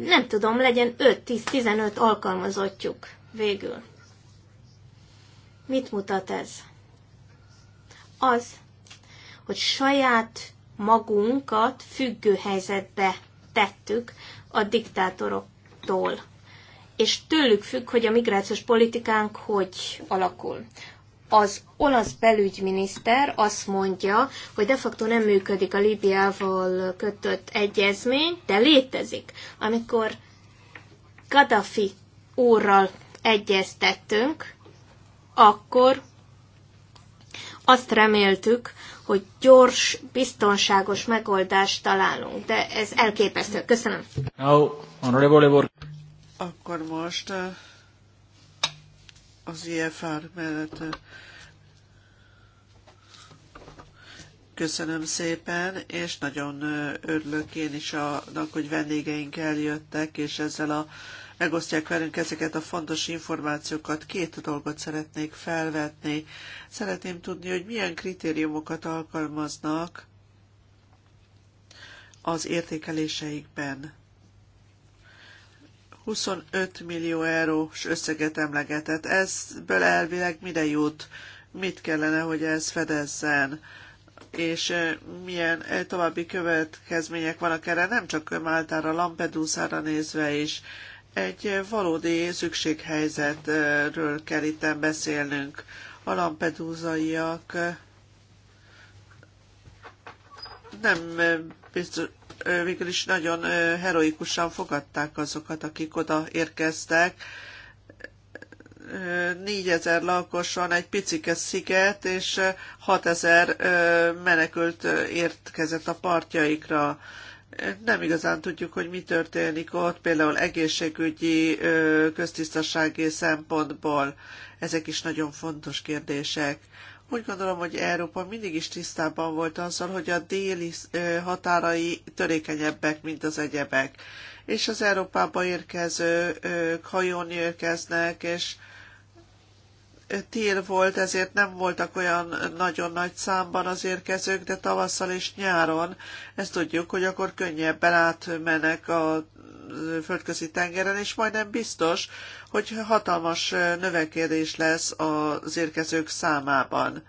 nem tudom, legyen 5-10-15 alkalmazottjuk végül. Mit mutat ez? Az, hogy saját magunkat függő helyzetbe tettük a diktátoroktól és tőlük függ, hogy a migrációs politikánk hogy alakul. Az olasz belügyminiszter azt mondja, hogy de facto nem működik a Líbiával kötött egyezmény, de létezik. Amikor Gaddafi úrral egyeztettünk, akkor azt reméltük, hogy gyors, biztonságos megoldást találunk, de ez elképesztő. Köszönöm. Now, akkor most eh, az IFR mellett eh, köszönöm szépen, és nagyon eh, örülök én is annak, hogy vendégeink eljöttek, és ezzel a megosztják velünk ezeket a fontos információkat. Két dolgot szeretnék felvetni. Szeretném tudni, hogy milyen kritériumokat alkalmaznak az értékeléseikben. 25 millió eurós összeget emlegetett. Ezből elvileg mire jut? Mit kellene, hogy ez fedezzen? és milyen további következmények vannak erre, nem csak Máltára, Lampedusa-ra nézve is. Egy valódi szükséghelyzetről kell itt beszélnünk. A lampedúzaiak nem biztos, végül is nagyon heroikusan fogadták azokat, akik oda érkeztek. Négyezer lakos van, egy picike sziget, és 6000 menekült érkezett a partjaikra. Nem igazán tudjuk, hogy mi történik ott, például egészségügyi, köztisztasági szempontból. Ezek is nagyon fontos kérdések. Úgy gondolom, hogy Európa mindig is tisztában volt azzal, hogy a déli határai törékenyebbek, mint az egyebek. És az Európába érkezők hajón érkeznek, és tél volt, ezért nem voltak olyan nagyon nagy számban az érkezők, de tavasszal és nyáron ezt tudjuk, hogy akkor könnyebben átmenek a földközi tengeren, és majdnem biztos, hogy hatalmas növekedés lesz az érkezők számában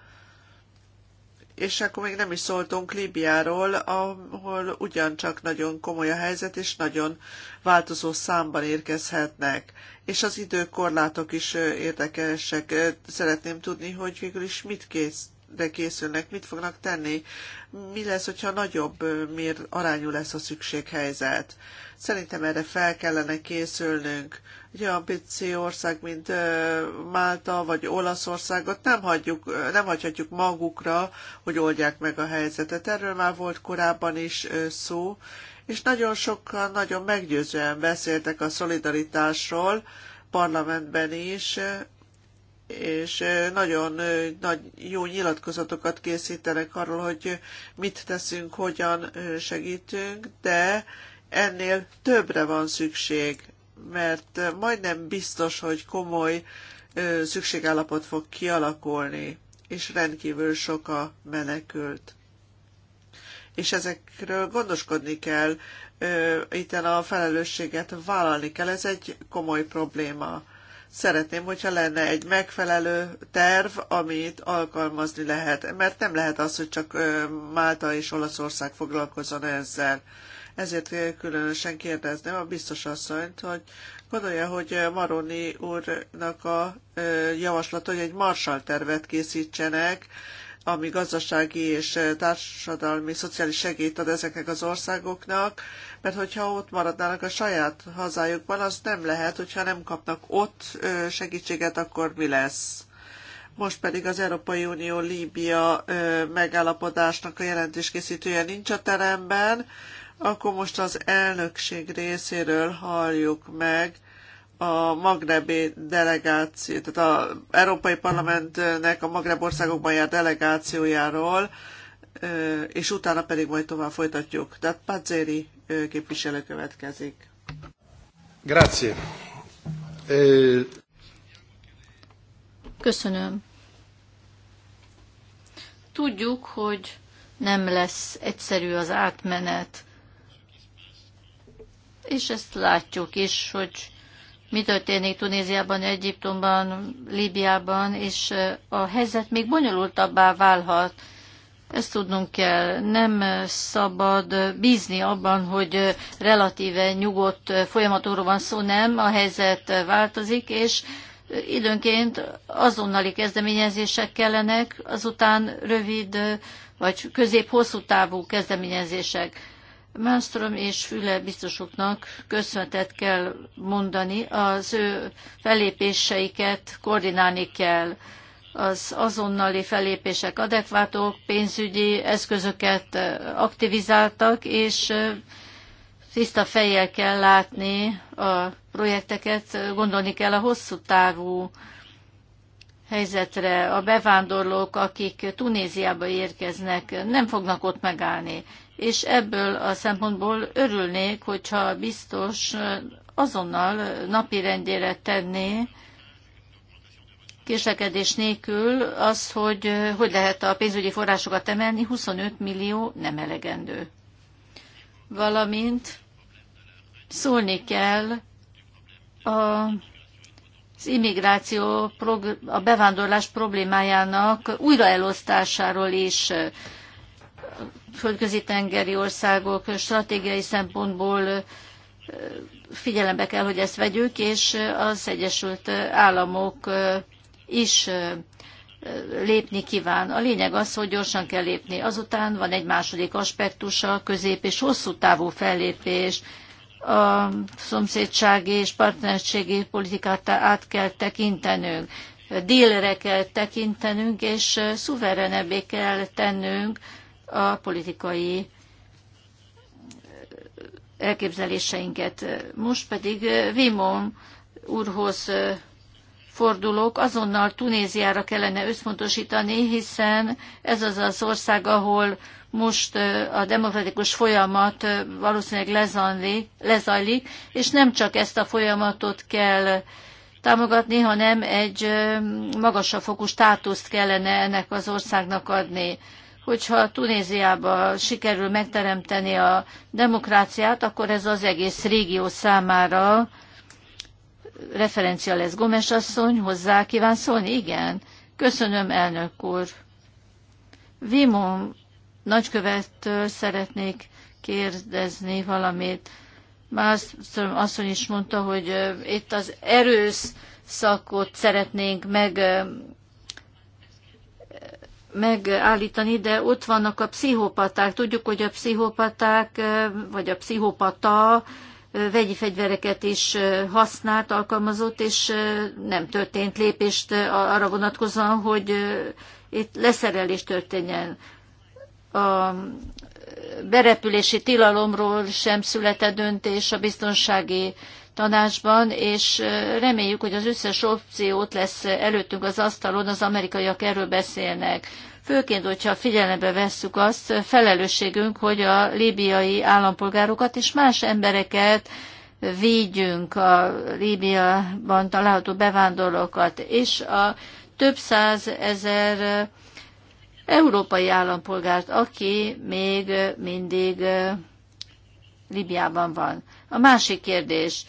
és akkor még nem is szóltunk Líbiáról, ahol ugyancsak nagyon komoly a helyzet, és nagyon változó számban érkezhetnek. És az időkorlátok is érdekesek. Szeretném tudni, hogy végül is mit kész de készülnek, mit fognak tenni, mi lesz, hogyha nagyobb mér arányú lesz a szükséghelyzet. Szerintem erre fel kellene készülnünk. Egy olyan pici ország, mint Málta vagy Olaszországot nem, hagyjuk, nem hagyhatjuk magukra, hogy oldják meg a helyzetet. Erről már volt korábban is szó, és nagyon sokan nagyon meggyőzően beszéltek a szolidaritásról, parlamentben is, és nagyon nagy, jó nyilatkozatokat készítenek arról, hogy mit teszünk, hogyan segítünk, de ennél többre van szükség, mert majdnem biztos, hogy komoly szükségállapot fog kialakulni, és rendkívül sok a menekült. És ezekről gondoskodni kell, itten a felelősséget vállalni kell, ez egy komoly probléma Szeretném, hogyha lenne egy megfelelő terv, amit alkalmazni lehet, mert nem lehet az, hogy csak Málta és Olaszország foglalkozzon ezzel. Ezért különösen kérdezném a biztos asszonyt, hogy gondolja, hogy Maroni úrnak a javaslata, hogy egy marsal tervet készítsenek, ami gazdasági és társadalmi, szociális segélyt ad ezeknek az országoknak, mert hogyha ott maradnának a saját hazájukban, az nem lehet, hogyha nem kapnak ott segítséget, akkor mi lesz? Most pedig az Európai Unió Líbia megállapodásnak a jelentéskészítője nincs a teremben, akkor most az elnökség részéről halljuk meg a magrebi delegáció, tehát az Európai Parlamentnek a Magreb országokban jár delegációjáról, és utána pedig majd tovább folytatjuk. Tehát Pazzeri képviselő következik. Grazie. Köszönöm. Tudjuk, hogy nem lesz egyszerű az átmenet, és ezt látjuk is, hogy mi történik Tunéziában, Egyiptomban, Líbiában, és a helyzet még bonyolultabbá válhat, ezt tudnunk kell, nem szabad bízni abban, hogy relatíve nyugodt folyamatról van szó, nem, a helyzet változik, és időnként azonnali kezdeményezések kellenek, azután rövid vagy közép-hosszú távú kezdeményezések. Malmström és Füle biztosoknak köszönetet kell mondani, az ő fellépéseiket koordinálni kell az azonnali felépések adekvátok, pénzügyi eszközöket aktivizáltak, és tiszta fejjel kell látni a projekteket, gondolni kell a hosszú távú helyzetre. A bevándorlók, akik Tunéziába érkeznek, nem fognak ott megállni. És ebből a szempontból örülnék, hogyha biztos azonnal rendjére tenné késlekedés nélkül az, hogy eh, hogy lehet a pénzügyi forrásokat emelni, 25 millió nem elegendő. Valamint szólni kell a az immigráció, a bevándorlás problémájának újraelosztásáról is földközi tengeri országok stratégiai szempontból eh, figyelembe kell, hogy ezt vegyük, és az Egyesült Államok eh, is lépni kíván. A lényeg az, hogy gyorsan kell lépni. Azután van egy második aspektusa, közép és hosszú távú fellépés. A szomszédsági és partnerségi politikát át kell tekintenünk, délre kell tekintenünk, és szuverenebbé kell tennünk a politikai elképzeléseinket. Most pedig Vimon úrhoz fordulók, azonnal Tunéziára kellene összpontosítani, hiszen ez az az ország, ahol most a demokratikus folyamat valószínűleg lezajlik, és nem csak ezt a folyamatot kell támogatni, hanem egy magasabb fokú státuszt kellene ennek az országnak adni. Hogyha Tunéziába sikerül megteremteni a demokráciát, akkor ez az egész régió számára referencia lesz. Gomes asszony, hozzá kíván szólni? Igen. Köszönöm, elnök úr. Vimon nagykövettől szeretnék kérdezni valamit. Malmström asszony is mondta, hogy itt az erőszakot szeretnénk meg, megállítani, de ott vannak a pszichopaták. Tudjuk, hogy a pszichopaták, vagy a pszichopata vegyi fegyvereket is használt, alkalmazott, és nem történt lépést arra vonatkozóan, hogy itt leszerelés történjen. A berepülési tilalomról sem született döntés a biztonsági tanácsban, és reméljük, hogy az összes opciót lesz előttünk az asztalon, az amerikaiak erről beszélnek főként, hogyha figyelembe vesszük azt, felelősségünk, hogy a líbiai állampolgárokat és más embereket védjünk a Líbiában található bevándorlókat, és a több száz ezer európai állampolgárt, aki még mindig Libiában van. A másik kérdés,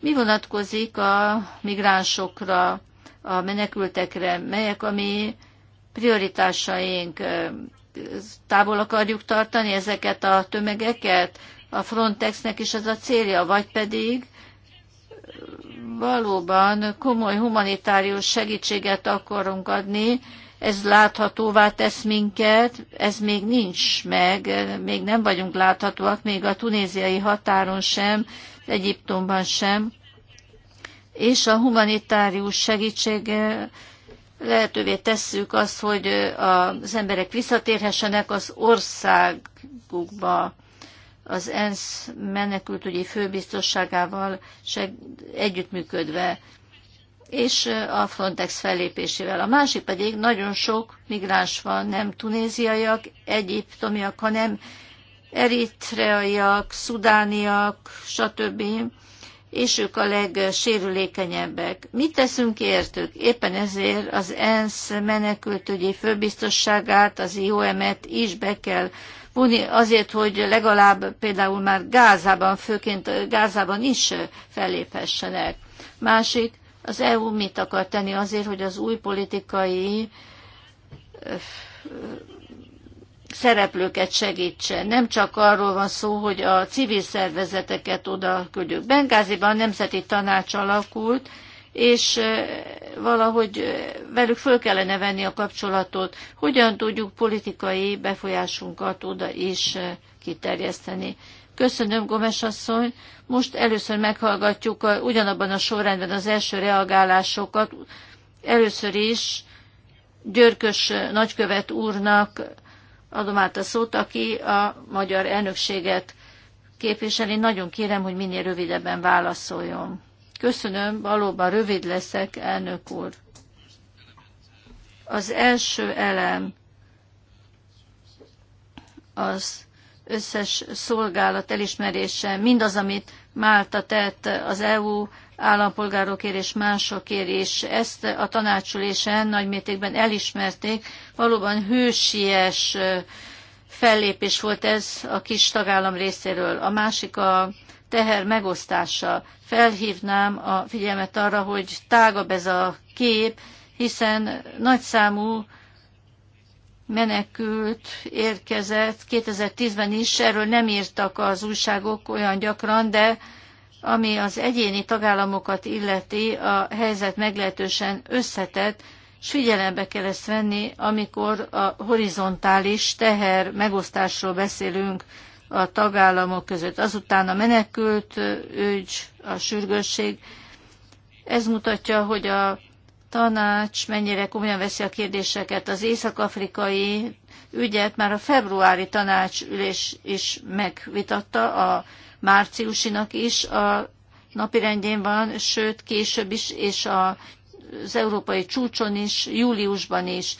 mi vonatkozik a migránsokra, a menekültekre, melyek a mi prioritásaink távol akarjuk tartani ezeket a tömegeket, a Frontexnek is ez a célja, vagy pedig valóban komoly humanitárius segítséget akarunk adni, ez láthatóvá tesz minket, ez még nincs meg, még nem vagyunk láthatóak, még a tunéziai határon sem, Egyiptomban sem. És a humanitárius segítsége lehetővé tesszük azt, hogy az emberek visszatérhessenek az országukba. Az ENSZ menekültügyi főbiztosságával együttműködve és a Frontex fellépésével. A másik pedig nagyon sok migráns van, nem tunéziaiak, egyiptomiak, hanem eritreaiak, szudániak, stb és ők a legsérülékenyebbek. Mit teszünk értük? Éppen ezért az ENSZ menekültügyi főbiztosságát, az IOM-et is be kell vonni azért, hogy legalább például már Gázában, főként Gázában is felléphessenek. Másik, az EU mit akar tenni azért, hogy az új politikai szereplőket segítse. Nem csak arról van szó, hogy a civil szervezeteket oda küldjük. Bengáziban a Nemzeti Tanács alakult, és valahogy velük föl kellene venni a kapcsolatot, hogyan tudjuk politikai befolyásunkat oda is kiterjeszteni. Köszönöm, Gomes asszony. Most először meghallgatjuk a, ugyanabban a sorrendben az első reagálásokat. Először is Györkös nagykövet úrnak adom át a szót, aki a magyar elnökséget képviseli. Nagyon kérem, hogy minél rövidebben válaszoljon. Köszönöm, valóban rövid leszek, elnök úr. Az első elem az összes szolgálat elismerése, mindaz, amit Málta tett az EU állampolgárokért és másokért, és ezt a tanácsülésen nagymértékben elismerték. Valóban hősies fellépés volt ez a kis tagállam részéről. A másik a teher megosztása. Felhívnám a figyelmet arra, hogy tágabb ez a kép, hiszen nagyszámú menekült érkezett 2010-ben is, erről nem írtak az újságok olyan gyakran, de ami az egyéni tagállamokat illeti, a helyzet meglehetősen összetett, és figyelembe kell ezt venni, amikor a horizontális teher megosztásról beszélünk a tagállamok között. Azután a menekült ügy, a sürgősség, ez mutatja, hogy a tanács mennyire komolyan veszi a kérdéseket. Az észak-afrikai ügyet már a februári tanácsülés is megvitatta, a márciusinak is a napirendjén van, sőt később is, és a, az európai csúcson is, júliusban is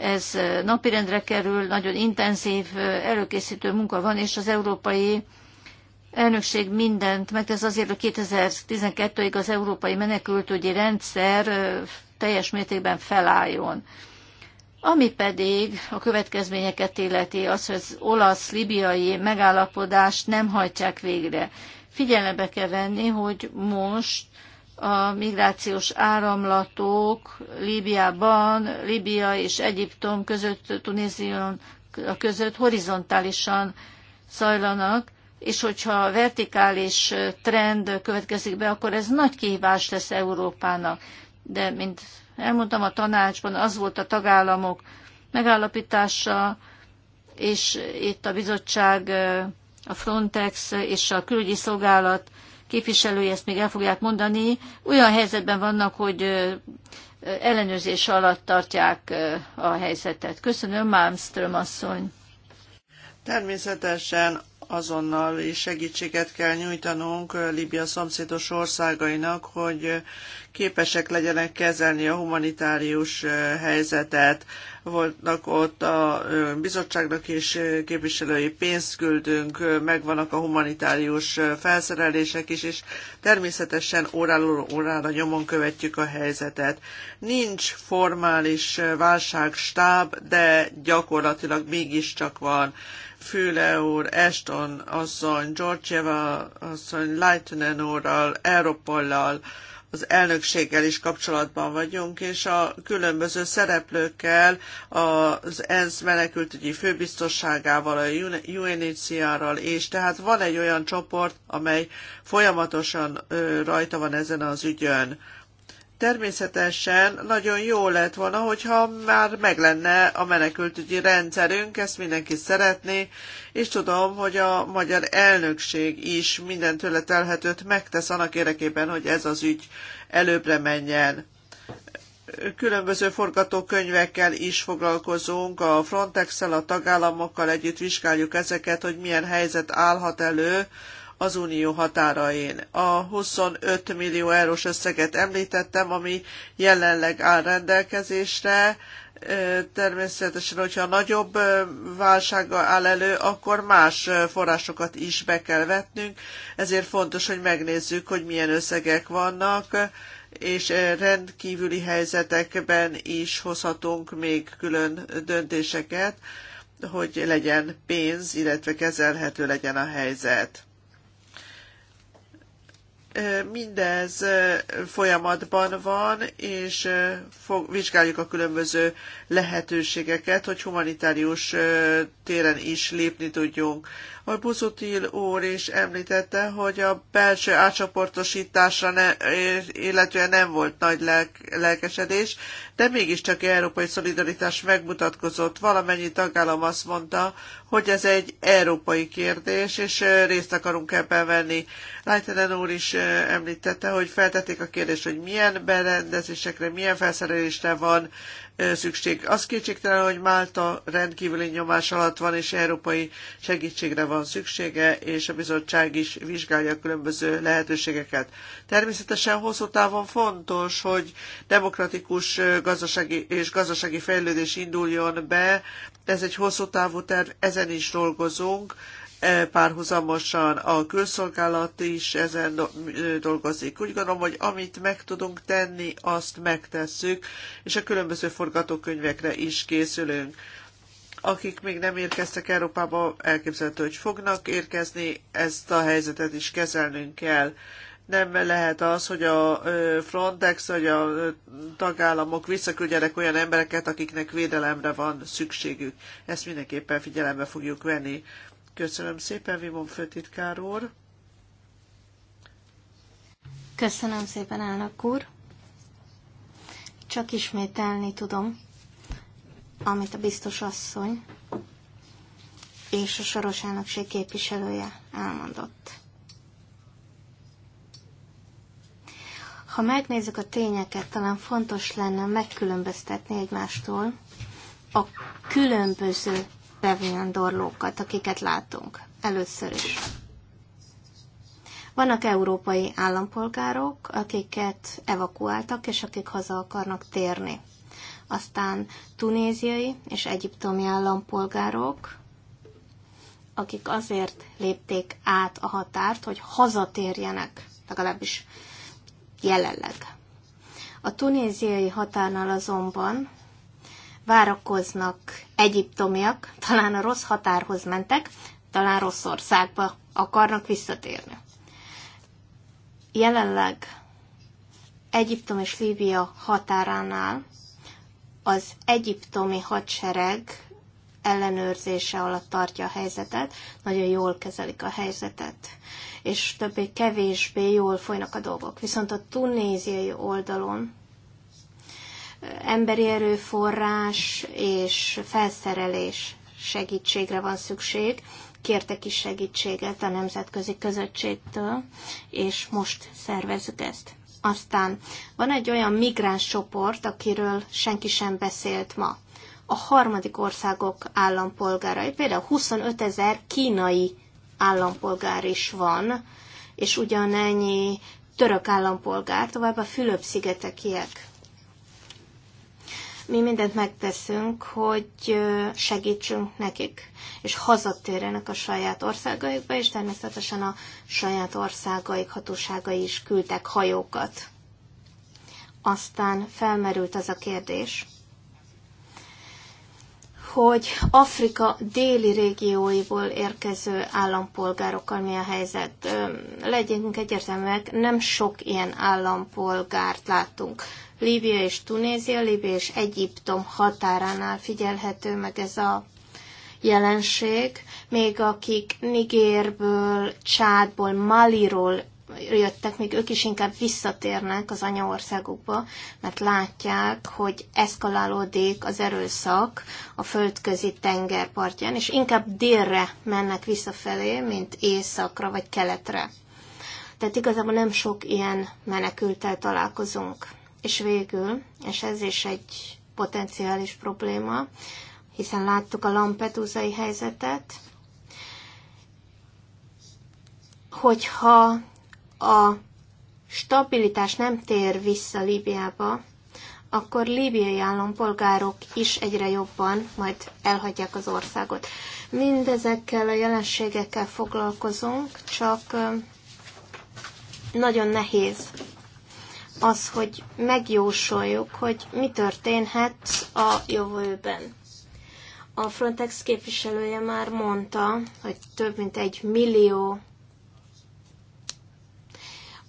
ez napirendre kerül, nagyon intenzív előkészítő munka van, és az európai elnökség mindent megtesz azért, hogy 2012-ig az európai menekültügyi rendszer teljes mértékben felálljon. Ami pedig a következményeket illeti, az, hogy az olasz-libiai megállapodást nem hajtják végre. Figyelembe kell venni, hogy most a migrációs áramlatok Líbiában, Líbia és Egyiptom között, Tunézion között horizontálisan zajlanak, és hogyha vertikális trend következik be, akkor ez nagy kihívás lesz Európának. De, mint elmondtam, a tanácsban az volt a tagállamok megállapítása, és itt a bizottság, a Frontex és a külügyi szolgálat képviselői ezt még el fogják mondani, olyan helyzetben vannak, hogy ellenőrzés alatt tartják a helyzetet. Köszönöm, Malmström asszony. Természetesen azonnal segítséget kell nyújtanunk Líbia szomszédos országainak, hogy képesek legyenek kezelni a humanitárius eh, helyzetet. Voltak ott a eh, bizottságnak is eh, képviselői pénzt küldünk, megvannak a humanitárius felszerelések is, és természetesen óráról órára nyomon követjük a helyzetet. Nincs formális válságstáb, de gyakorlatilag mégiscsak van Füle úr, Eston asszony, Georgieva asszony, Leitonen úrral, Európollal, az elnökséggel is kapcsolatban vagyunk, és a különböző szereplőkkel, az ENSZ menekültügyi főbiztosságával, a UNHCR-ral, és tehát van egy olyan csoport, amely folyamatosan rajta van ezen az ügyön. Természetesen nagyon jó lett volna, hogyha már meglenne a menekültügyi rendszerünk, ezt mindenki szeretné, és tudom, hogy a magyar elnökség is minden tőle telhetőt megtesz annak érdekében, hogy ez az ügy előbbre menjen. Különböző forgatókönyvekkel is foglalkozunk, a Frontex-el, a tagállamokkal együtt vizsgáljuk ezeket, hogy milyen helyzet állhat elő, az unió határain. A 25 millió eurós összeget említettem, ami jelenleg áll rendelkezésre. Természetesen, hogyha nagyobb válsága áll elő, akkor más forrásokat is be kell vetnünk, ezért fontos, hogy megnézzük, hogy milyen összegek vannak, és rendkívüli helyzetekben is hozhatunk még külön döntéseket, hogy legyen pénz, illetve kezelhető legyen a helyzet. Mindez folyamatban van, és vizsgáljuk a különböző lehetőségeket, hogy humanitárius téren is lépni tudjunk. A Buzutil úr is említette, hogy a belső átcsoportosításra ne, illetően nem volt nagy lelk, lelkesedés, de mégiscsak európai szolidaritás megmutatkozott. Valamennyi tagállam azt mondta, hogy ez egy európai kérdés, és részt akarunk ebben venni. Leitenen úr is említette, hogy feltették a kérdést, hogy milyen berendezésekre, milyen felszerelésre van szükség. Az kétségtelen, hogy Málta rendkívüli nyomás alatt van, és európai segítségre van szüksége, és a bizottság is vizsgálja a különböző lehetőségeket. Természetesen hosszú távon fontos, hogy demokratikus gazdasági és gazdasági fejlődés induljon be. Ez egy hosszú távú terv, ezen is dolgozunk párhuzamosan a külszolgálat is ezen dolgozik. Úgy gondolom, hogy amit meg tudunk tenni, azt megtesszük, és a különböző forgatókönyvekre is készülünk. Akik még nem érkeztek Európába, elképzelhető, hogy fognak érkezni, ezt a helyzetet is kezelnünk kell. Nem lehet az, hogy a Frontex vagy a tagállamok visszaküldjenek olyan embereket, akiknek védelemre van szükségük. Ezt mindenképpen figyelembe fogjuk venni Köszönöm szépen, Vimon főtitkár úr. Köszönöm szépen, elnök úr. Csak ismételni tudom, amit a biztos asszony és a soros elnökség képviselője elmondott. Ha megnézzük a tényeket, talán fontos lenne megkülönböztetni egymástól a különböző dorlókat, akiket látunk először is. Vannak európai állampolgárok, akiket evakuáltak, és akik haza akarnak térni. Aztán tunéziai és egyiptomi állampolgárok, akik azért lépték át a határt, hogy hazatérjenek, legalábbis jelenleg. A tunéziai határnál azonban várakoznak egyiptomiak, talán a rossz határhoz mentek, talán rossz országba akarnak visszatérni. Jelenleg Egyiptom és Líbia határánál az egyiptomi hadsereg ellenőrzése alatt tartja a helyzetet, nagyon jól kezelik a helyzetet, és többé-kevésbé jól folynak a dolgok. Viszont a tunéziai oldalon emberi erőforrás és felszerelés segítségre van szükség. Kértek is segítséget a nemzetközi közösségtől, és most szervezzük ezt. Aztán van egy olyan migráns csoport, akiről senki sem beszélt ma. A harmadik országok állampolgárai, például 25 ezer kínai állampolgár is van, és ugyanennyi török állampolgár, továbbá Fülöp-szigetekiek. Mi mindent megteszünk, hogy segítsünk nekik, és hazatérjenek a saját országaikba, és természetesen a saját országaik hatóságai is küldtek hajókat. Aztán felmerült az a kérdés, hogy Afrika déli régióiból érkező állampolgárokkal mi a helyzet. Legyünk egyértelműek, nem sok ilyen állampolgárt látunk. Líbia és Tunézia, Líbia és Egyiptom határánál figyelhető meg ez a jelenség, még akik Nigérből, Csádból, Maliról jöttek, még ők is inkább visszatérnek az anyaországokba, mert látják, hogy eszkalálódik az erőszak a földközi tengerpartján, és inkább délre mennek visszafelé, mint északra vagy keletre. Tehát igazából nem sok ilyen menekültel találkozunk. És végül, és ez is egy potenciális probléma, hiszen láttuk a lampetúzai helyzetet, hogyha a stabilitás nem tér vissza Líbiába, akkor líbiai állampolgárok is egyre jobban majd elhagyják az országot. Mindezekkel a jelenségekkel foglalkozunk, csak nagyon nehéz az, hogy megjósoljuk, hogy mi történhet a jövőben. A Frontex képviselője már mondta, hogy több mint egy millió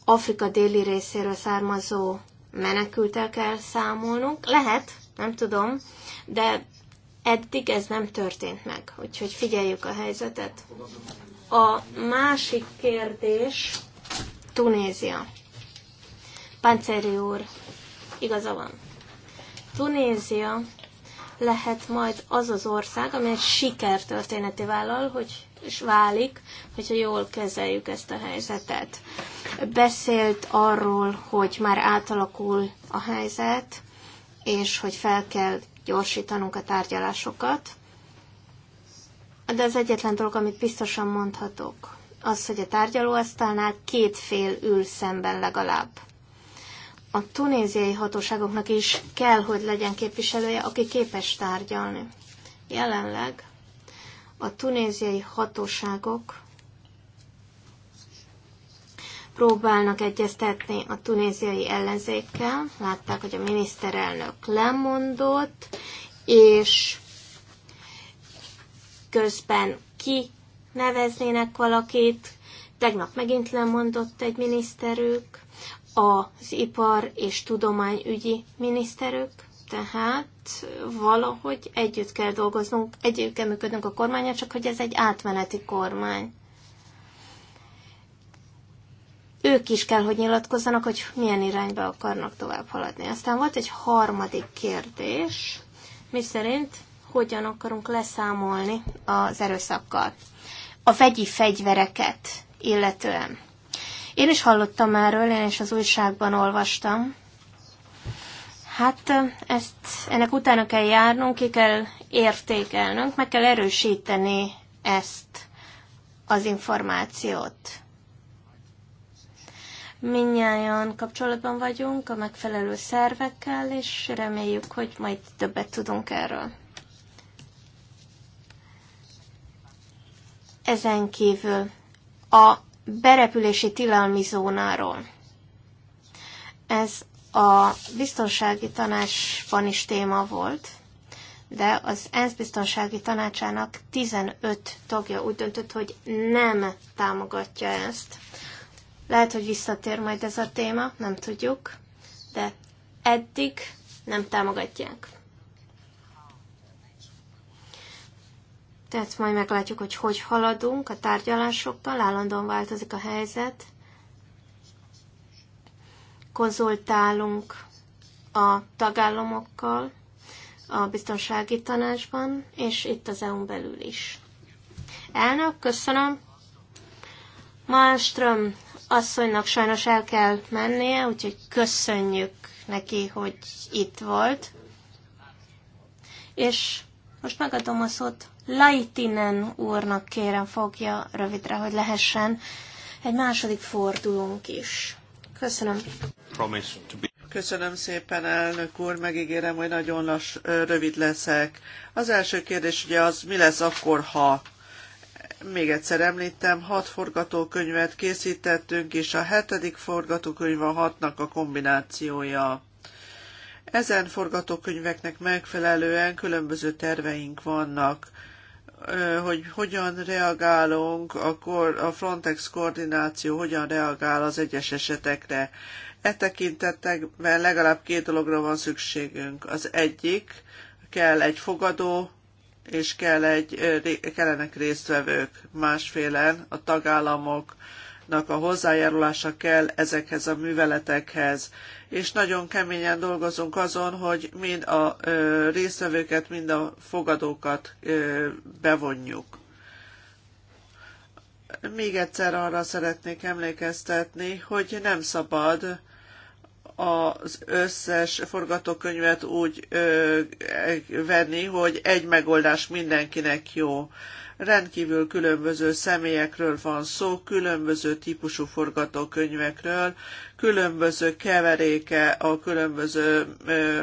Afrika déli részéről származó menekültel kell számolnunk. Lehet, nem tudom, de eddig ez nem történt meg, úgyhogy figyeljük a helyzetet. A másik kérdés Tunézia. Panceri úr, igaza van. Tunézia lehet majd az az ország, amely sikertörténeti vállal, hogy és válik, hogyha jól kezeljük ezt a helyzetet. Beszélt arról, hogy már átalakul a helyzet, és hogy fel kell gyorsítanunk a tárgyalásokat. De az egyetlen dolog, amit biztosan mondhatok, az, hogy a tárgyalóasztalnál két fél ül szemben legalább. A tunéziai hatóságoknak is kell, hogy legyen képviselője, aki képes tárgyalni. Jelenleg a tunéziai hatóságok próbálnak egyeztetni a tunéziai ellenzékkel. Látták, hogy a miniszterelnök lemondott, és közben ki neveznének valakit. Tegnap megint lemondott egy miniszterük, az ipar és tudományügyi miniszterük. Tehát valahogy együtt kell dolgoznunk, együtt kell működnünk a kormányra, csak hogy ez egy átmeneti kormány. Ők is kell, hogy nyilatkozzanak, hogy milyen irányba akarnak tovább haladni. Aztán volt egy harmadik kérdés, mi szerint hogyan akarunk leszámolni az erőszakkal. A vegyi fegyvereket illetően. Én is hallottam erről, én is az újságban olvastam, Hát ezt, ennek utána kell járnunk, ki kell értékelnünk, meg kell erősíteni ezt az információt. Minnyáján kapcsolatban vagyunk a megfelelő szervekkel, és reméljük, hogy majd többet tudunk erről. Ezen kívül a berepülési tilalmi zónáról. Ez a biztonsági tanácsban is téma volt, de az ENSZ biztonsági tanácsának 15 tagja úgy döntött, hogy nem támogatja ezt. Lehet, hogy visszatér majd ez a téma, nem tudjuk, de eddig nem támogatják. Tehát majd meglátjuk, hogy hogy haladunk a tárgyalásokkal, állandóan változik a helyzet, konzultálunk a tagállamokkal a biztonsági tanácsban, és itt az EU-n belül is. Elnök, köszönöm. Malmström asszonynak sajnos el kell mennie, úgyhogy köszönjük neki, hogy itt volt. És most megadom a szót Laitinen úrnak kérem fogja rövidre, hogy lehessen egy második fordulónk is. Köszönöm. Köszönöm szépen, elnök úr, megígérem, hogy nagyon lass, rövid leszek. Az első kérdés ugye az, mi lesz akkor, ha még egyszer említem, hat forgatókönyvet készítettünk, és a hetedik forgatókönyv a hatnak a kombinációja. Ezen forgatókönyveknek megfelelően különböző terveink vannak, hogy hogyan reagálunk, akkor a Frontex koordináció hogyan reagál az egyes esetekre. E tekintetekben legalább két dologra van szükségünk. Az egyik, kell egy fogadó, és kell egy, kellenek résztvevők másfélen, a tagállamoknak a hozzájárulása kell ezekhez a műveletekhez. És nagyon keményen dolgozunk azon, hogy mind a ö, résztvevőket, mind a fogadókat bevonjuk. Még egyszer arra szeretnék emlékeztetni, hogy nem szabad az összes forgatókönyvet úgy ö, venni, hogy egy megoldás mindenkinek jó. Rendkívül különböző személyekről van szó, különböző típusú forgatókönyvekről, különböző keveréke a különböző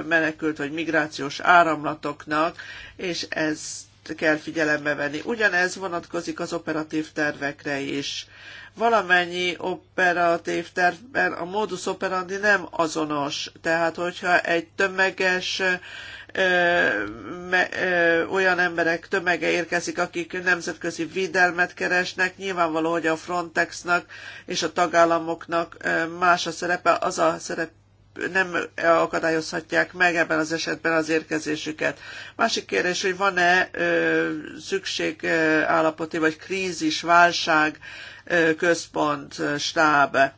menekült vagy migrációs áramlatoknak, és ez kell figyelembe venni. Ugyanez vonatkozik az operatív tervekre is. Valamennyi operatív tervben a modus operandi nem azonos. Tehát, hogyha egy tömeges ö, me, ö, olyan emberek tömege érkezik, akik nemzetközi védelmet keresnek. Nyilvánvaló, hogy a Frontexnak és a tagállamoknak ö, más a szerepe, az a szerep nem akadályozhatják meg ebben az esetben az érkezésüket. Másik kérdés, hogy van-e szükségállapoti vagy krízis, válság központ, stábe.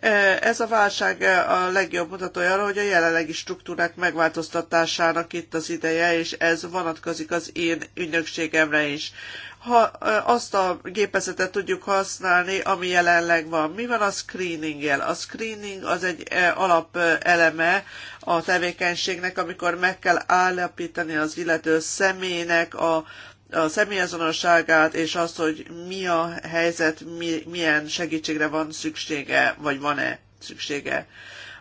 E, ez a válság e, a legjobb mutatója arra, hogy a jelenlegi struktúrák megváltoztatásának itt az ideje, és ez vonatkozik az én ügynökségemre is. Ha e, azt a gépezetet tudjuk használni, ami jelenleg van. Mi van a screeninggel? A screening az egy alap eleme a tevékenységnek, amikor meg kell állapítani az illető személynek a a személyazonosságát, és azt, hogy mi a helyzet, mi, milyen segítségre van szüksége, vagy van-e szüksége.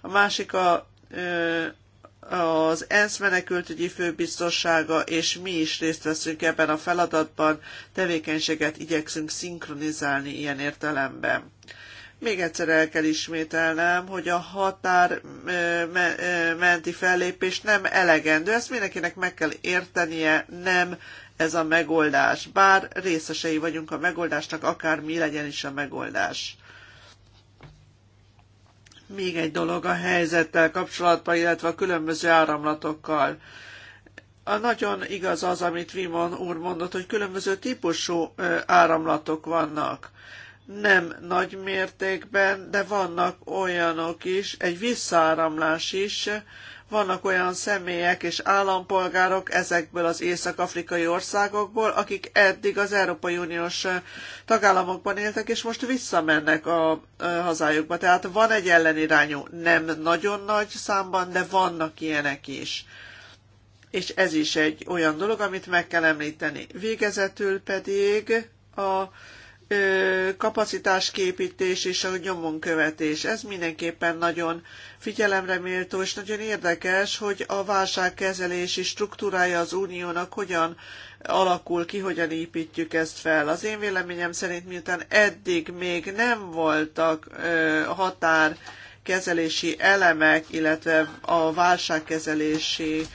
A másik a, az ENSZ menekültügyi főbiztossága, és mi is részt veszünk ebben a feladatban, tevékenységet igyekszünk szinkronizálni ilyen értelemben. Még egyszer el kell ismételnem, hogy a határ menti fellépés nem elegendő, ezt mindenkinek meg kell értenie, nem ez a megoldás, bár részesei vagyunk a megoldásnak, akár mi legyen is a megoldás. Még egy dolog a helyzettel kapcsolatban, illetve a különböző áramlatokkal. A nagyon igaz az, amit Vimon úr mondott, hogy különböző típusú áramlatok vannak. Nem nagy mértékben, de vannak olyanok is, egy visszáramlás is, vannak olyan személyek és állampolgárok ezekből az észak-afrikai országokból, akik eddig az Európai Uniós eh, tagállamokban éltek, és most visszamennek a eh, hazájukba. Tehát van egy ellenirányú, nem nagyon nagy számban, de vannak ilyenek is. És ez is egy olyan dolog, amit meg kell említeni. Végezetül pedig a kapacitásképítés és a nyomonkövetés. Ez mindenképpen nagyon figyelemre méltó, és nagyon érdekes, hogy a válságkezelési struktúrája az uniónak hogyan alakul ki, hogyan építjük ezt fel. Az én véleményem szerint, miután eddig még nem voltak határkezelési elemek, illetve a válságkezelési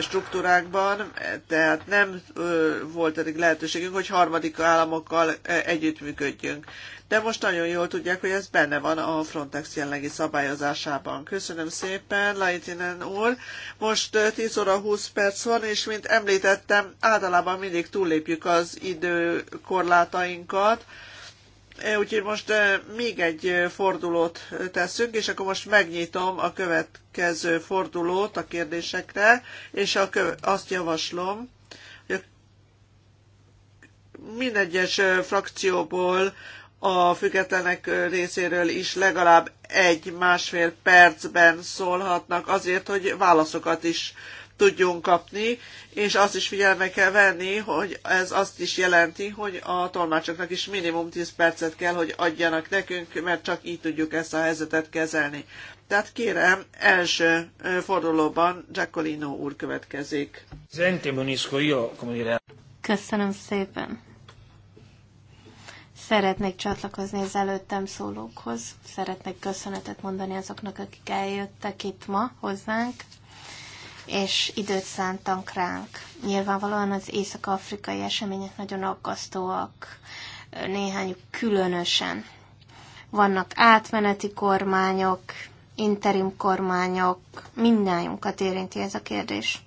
struktúrákban, tehát nem volt eddig lehetőségünk, hogy harmadik államokkal együttműködjünk. De most nagyon jól tudják, hogy ez benne van a Frontex jelenlegi szabályozásában. Köszönöm szépen, Laitinen úr. Most 10 óra 20 perc van, és mint említettem, általában mindig túllépjük az időkorlátainkat E, úgyhogy most e, még egy e, fordulót teszünk, és akkor most megnyitom a következő fordulót a kérdésekre, és a azt javaslom, hogy minden egyes frakcióból a függetlenek részéről is legalább egy-másfél percben szólhatnak azért, hogy válaszokat is tudjunk kapni, és azt is figyelme kell venni, hogy ez azt is jelenti, hogy a tolmácsoknak is minimum 10 percet kell, hogy adjanak nekünk, mert csak így tudjuk ezt a helyzetet kezelni. Tehát kérem, első fordulóban Giacolino úr következik. Köszönöm szépen. Szeretnék csatlakozni az előttem szólókhoz. Szeretnék köszönetet mondani azoknak, akik eljöttek itt ma hozzánk és időt szántak ránk. Nyilvánvalóan az észak-afrikai események nagyon aggasztóak, néhányuk különösen. Vannak átmeneti kormányok, interim kormányok, mindnyájunkat érinti ez a kérdés.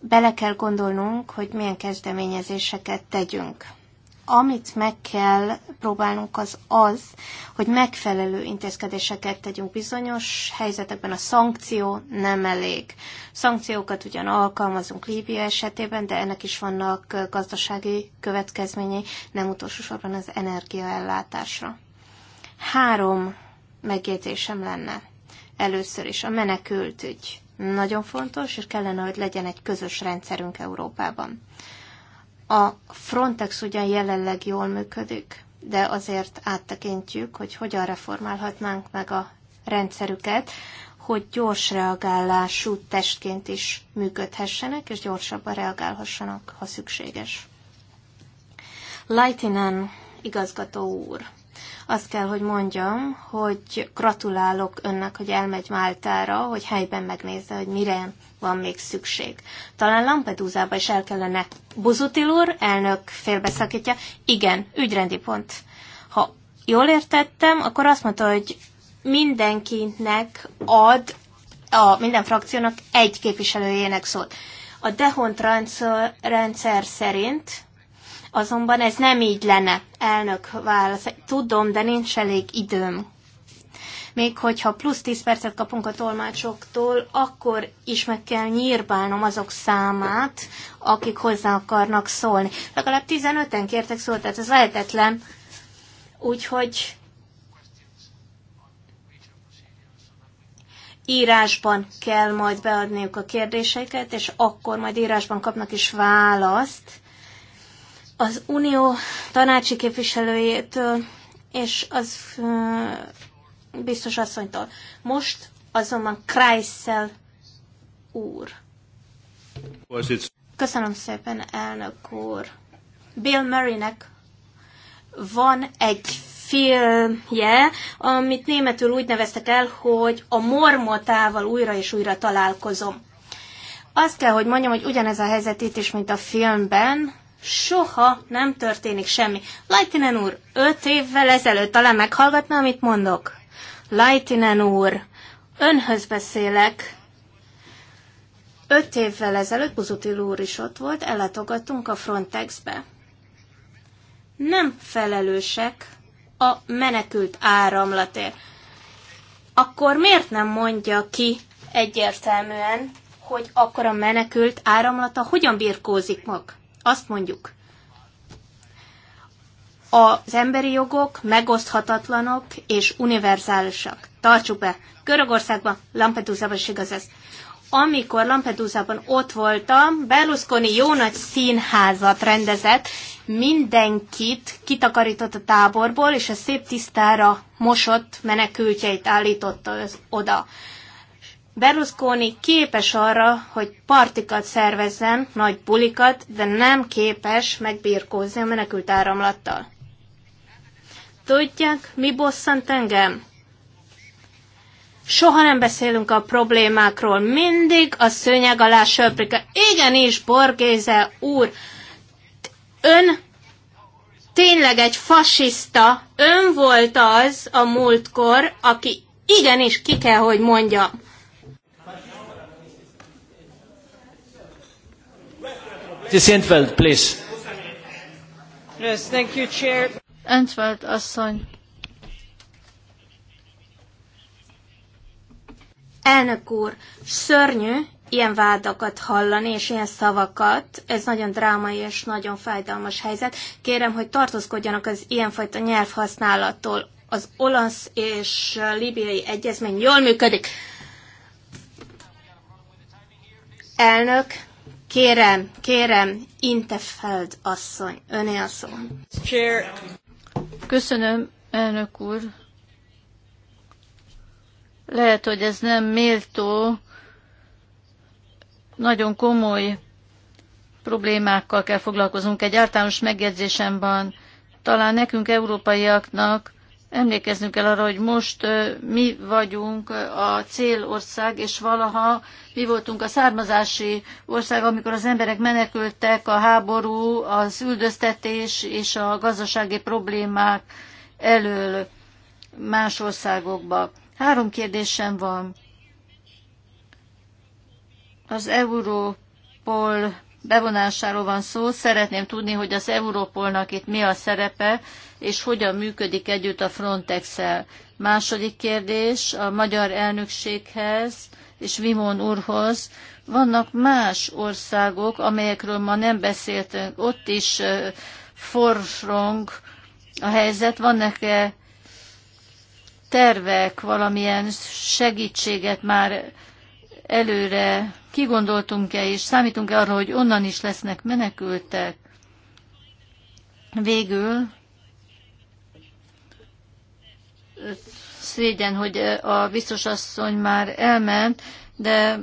Bele kell gondolnunk, hogy milyen kezdeményezéseket tegyünk amit meg kell próbálnunk az az, hogy megfelelő intézkedéseket tegyünk bizonyos helyzetekben. A szankció nem elég. Szankciókat ugyan alkalmazunk Líbia esetében, de ennek is vannak gazdasági következményei, nem utolsó sorban az energiaellátásra. Három megjegyzésem lenne. Először is a menekültügy. Nagyon fontos, és kellene, hogy legyen egy közös rendszerünk Európában. A Frontex ugyan jelenleg jól működik, de azért áttekintjük, hogy hogyan reformálhatnánk meg a rendszerüket, hogy gyors reagálású testként is működhessenek, és gyorsabban reagálhassanak, ha szükséges. Lightinen igazgató úr, azt kell, hogy mondjam, hogy gratulálok önnek, hogy elmegy Máltára, hogy helyben megnézze, hogy mire van még szükség. Talán Lampedusába is el kellene. Buzutil úr, elnök félbeszakítja. Igen, ügyrendi pont. Ha jól értettem, akkor azt mondta, hogy mindenkinek ad a minden frakciónak egy képviselőjének szót. A Dehont rendszer szerint Azonban ez nem így lenne, elnök válasz. Tudom, de nincs elég időm. Még hogyha plusz 10 percet kapunk a tolmácsoktól, akkor is meg kell nyírbálnom azok számát, akik hozzá akarnak szólni. Legalább 15-en kértek szót, tehát ez lehetetlen. Úgyhogy írásban kell majd beadniuk a kérdéseiket, és akkor majd írásban kapnak is választ az unió tanácsi képviselőjétől és az biztos asszonytól. Most azonban Kreisel úr. Köszönöm szépen, elnök úr. Bill Murraynek van egy filmje, amit németül úgy neveztek el, hogy a mormotával újra és újra találkozom. Azt kell, hogy mondjam, hogy ugyanez a helyzet itt is, mint a filmben, soha nem történik semmi. Lajtinen úr, öt évvel ezelőtt talán meghallgatná, amit mondok. Lajtinen úr, önhöz beszélek. Öt évvel ezelőtt Buzutil úr is ott volt, ellátogatunk a Frontexbe. Nem felelősek a menekült áramlatért. Akkor miért nem mondja ki egyértelműen, hogy akkor a menekült áramlata hogyan birkózik mag? Azt mondjuk, az emberi jogok megoszthatatlanok és univerzálisak. Tartsuk be. Görögországban, Lampedusa-ban is igaz ez. Amikor Lampedusa-ban ott voltam, Berlusconi jó nagy színházat rendezett, mindenkit kitakarított a táborból, és a szép tisztára mosott menekültjeit állította oda. Berlusconi képes arra, hogy partikat szervezzen, nagy bulikat, de nem képes megbirkózni a menekült áramlattal. Tudják, mi bosszant engem? Soha nem beszélünk a problémákról, mindig a szőnyeg alá söprik. Igenis, Borgéze úr, ön tényleg egy fasiszta, ön volt az a múltkor, aki igenis ki kell, hogy mondjam Mrs. Entfeld, please. Yes, thank you, Chair. Entfeld asszony. Elnök úr, szörnyű ilyen vádakat hallani, és ilyen szavakat. Ez nagyon drámai és nagyon fájdalmas helyzet. Kérem, hogy tartózkodjanak az ilyenfajta nyelvhasználattól. Az olasz és libiai egyezmény jól működik. Elnök, Kérem, kérem, Intefeld asszony, öné a szó. Köszönöm, elnök úr. Lehet, hogy ez nem méltó, nagyon komoly problémákkal kell foglalkozunk. Egy általános megjegyzésem van, talán nekünk európaiaknak Emlékeznünk kell arra, hogy most mi vagyunk a célország, és valaha mi voltunk a származási ország, amikor az emberek menekültek a háború, az üldöztetés és a gazdasági problémák elől más országokba. Három kérdésem van. Az Európol bevonásáról van szó. Szeretném tudni, hogy az Európolnak itt mi a szerepe, és hogyan működik együtt a Frontex-el. Második kérdés a magyar elnökséghez és Vimon úrhoz. Vannak más országok, amelyekről ma nem beszéltünk. Ott is forrong a helyzet. Vannak-e tervek, valamilyen segítséget már előre kigondoltunk-e és számítunk-e arra, hogy onnan is lesznek menekültek. Végül szégyen, hogy a biztos asszony már elment, de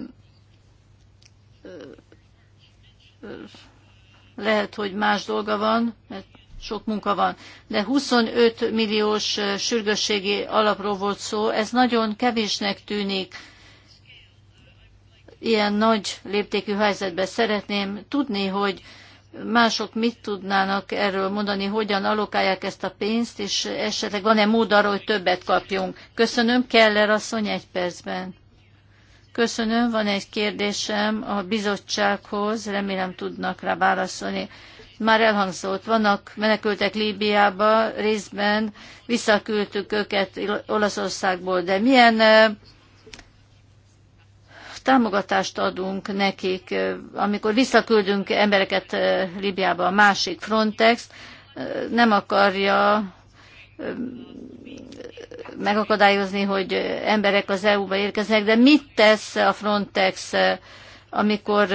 lehet, hogy más dolga van, mert sok munka van. De 25 milliós sürgősségi alapról volt szó, ez nagyon kevésnek tűnik ilyen nagy léptékű helyzetbe. Szeretném tudni, hogy mások mit tudnának erről mondani, hogyan alokálják ezt a pénzt, és esetleg van-e mód arra, hogy többet kapjunk. Köszönöm, Keller asszony, egy percben. Köszönöm, van egy kérdésem a bizottsághoz, remélem tudnak rá válaszolni. Már elhangzott, vannak menekültek Líbiába, részben visszaküldtük őket Olaszországból, de milyen eh, támogatást adunk nekik, amikor visszaküldünk embereket Libiába, a másik Frontex nem akarja megakadályozni, hogy emberek az EU-ba érkeznek, de mit tesz a Frontex, amikor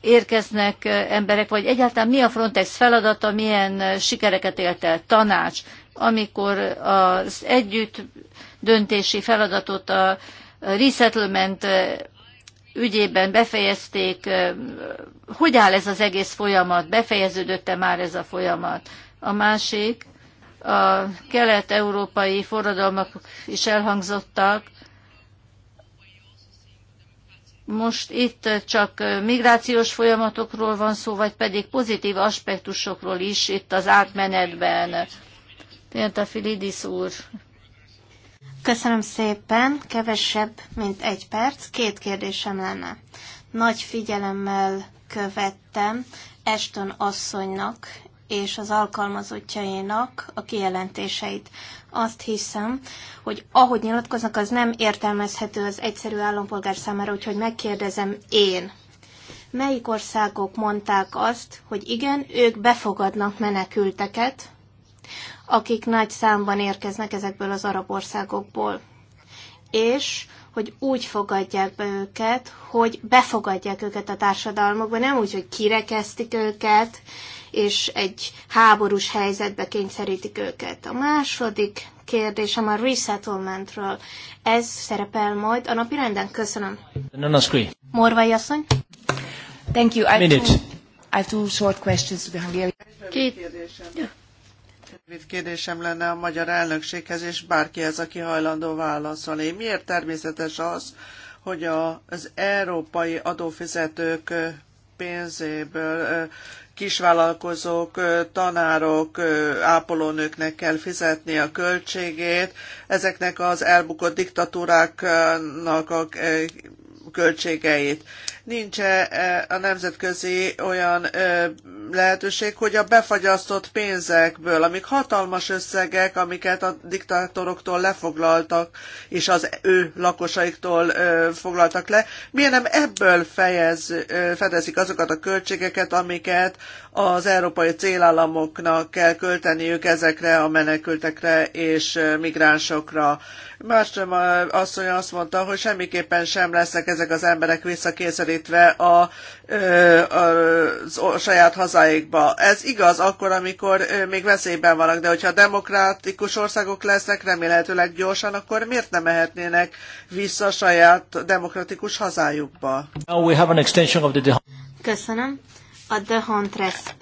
érkeznek emberek, vagy egyáltalán mi a Frontex feladata, milyen sikereket élt el tanács, amikor az együtt döntési feladatot a resettlement eh, ügyében befejezték, eh, hogy áll ez az egész folyamat, befejeződött-e már ez a folyamat. A másik, a kelet-európai forradalmak is elhangzottak, most itt csak eh, migrációs folyamatokról van szó, vagy pedig pozitív aspektusokról is itt az átmenetben. Tényleg a Filidis úr Köszönöm szépen, kevesebb, mint egy perc. Két kérdésem lenne. Nagy figyelemmel követtem Eston asszonynak és az alkalmazottjainak a kijelentéseit. Azt hiszem, hogy ahogy nyilatkoznak, az nem értelmezhető az egyszerű állampolgár számára, úgyhogy megkérdezem én. Melyik országok mondták azt, hogy igen, ők befogadnak menekülteket, akik nagy számban érkeznek ezekből az arab országokból. És hogy úgy fogadják be őket, hogy befogadják őket a társadalmukba, nem úgy, hogy kirekeztik őket, és egy háborús helyzetbe kényszerítik őket. A második kérdésem a resettlementről. Ez szerepel majd a napi renden. Köszönöm. Morvai asszony. Thank you. I have, two, I have two short questions to the Hungarian. Két. Rövid kérdésem lenne a magyar elnökséghez, és bárki ez, aki hajlandó válaszolni. Miért természetes az, hogy a, az európai adófizetők pénzéből kisvállalkozók, tanárok, ápolónőknek kell fizetni a költségét. Ezeknek az elbukott diktatúráknak a költségeit. nincs -e a nemzetközi olyan e, lehetőség, hogy a befagyasztott pénzekből, amik hatalmas összegek, amiket a diktátoroktól lefoglaltak, és az ő lakosaiktól e, foglaltak le, miért nem ebből fejez, e, fedezik azokat a költségeket, amiket az európai célállamoknak kell költeniük ezekre a menekültekre és migránsokra? Mástrom asszony azt mondta, hogy semmiképpen sem lesznek ezek az emberek visszakényszerítve a, a, a saját hazáikba. Ez igaz akkor, amikor még veszélyben vannak, de hogyha demokratikus országok lesznek, remélhetőleg gyorsan, akkor miért nem mehetnének vissza a saját demokratikus hazájukba? Köszönöm. A Dehont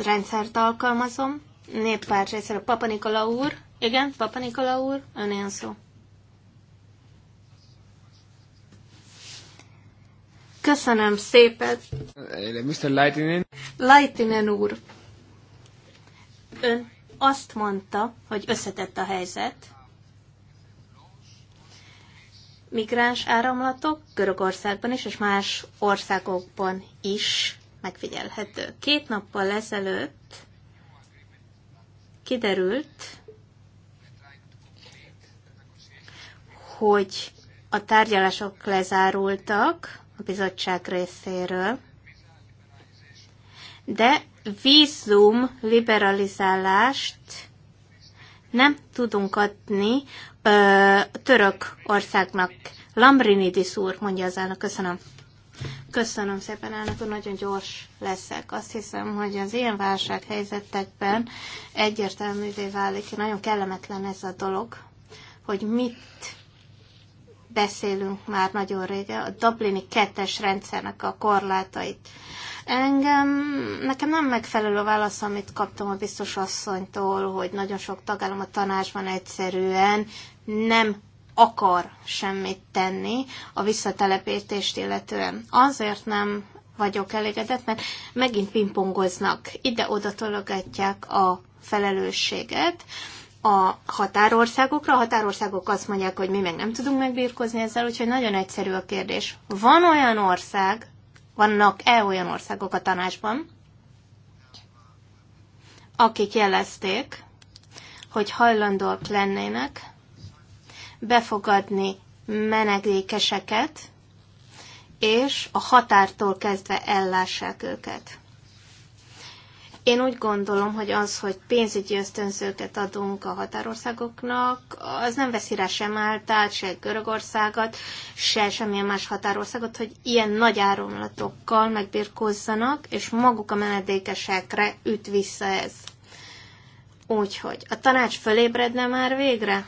rendszert alkalmazom. Néppárt részéről Papa Nikola úr. Igen, Papa Nikola úr, önél szó. Köszönöm szépen. Eh, Mr. Lightning? Lightning úr. Ön azt mondta, hogy összetett a helyzet. Migráns áramlatok Görögországban is, és más országokban is megfigyelhető. Két nappal ezelőtt kiderült, hogy a tárgyalások lezárultak, a bizottság részéről, de vízum liberalizálást nem tudunk adni ö, török országnak. Lambrinidis úr, mondja az elnök, köszönöm. Köszönöm szépen, elnök úr, nagyon gyors leszek. Azt hiszem, hogy az ilyen válsághelyzetekben egyértelművé válik, nagyon kellemetlen ez a dolog, hogy mit beszélünk már nagyon régen, a Dublini kettes rendszernek a korlátait. Engem, nekem nem megfelelő a válasz, amit kaptam a biztos asszonytól, hogy nagyon sok tagállam a tanácsban egyszerűen nem akar semmit tenni a visszatelepítést illetően. Azért nem vagyok elégedett, mert megint pingpongoznak, ide-oda tologatják a felelősséget, a határországokra. A határországok azt mondják, hogy mi meg nem tudunk megbírkozni ezzel, úgyhogy nagyon egyszerű a kérdés. Van olyan ország, vannak-e olyan országok a tanácsban, akik jelezték, hogy hajlandóak lennének befogadni menedékeseket, és a határtól kezdve ellássák őket. Én úgy gondolom, hogy az, hogy pénzügyi ösztönzőket adunk a határországoknak, az nem veszi rá sem Által, se Görögországot, se semmilyen más határországot, hogy ilyen nagy áramlatokkal megbirkózzanak, és maguk a menedékesekre üt vissza ez. Úgyhogy a tanács fölébredne már végre,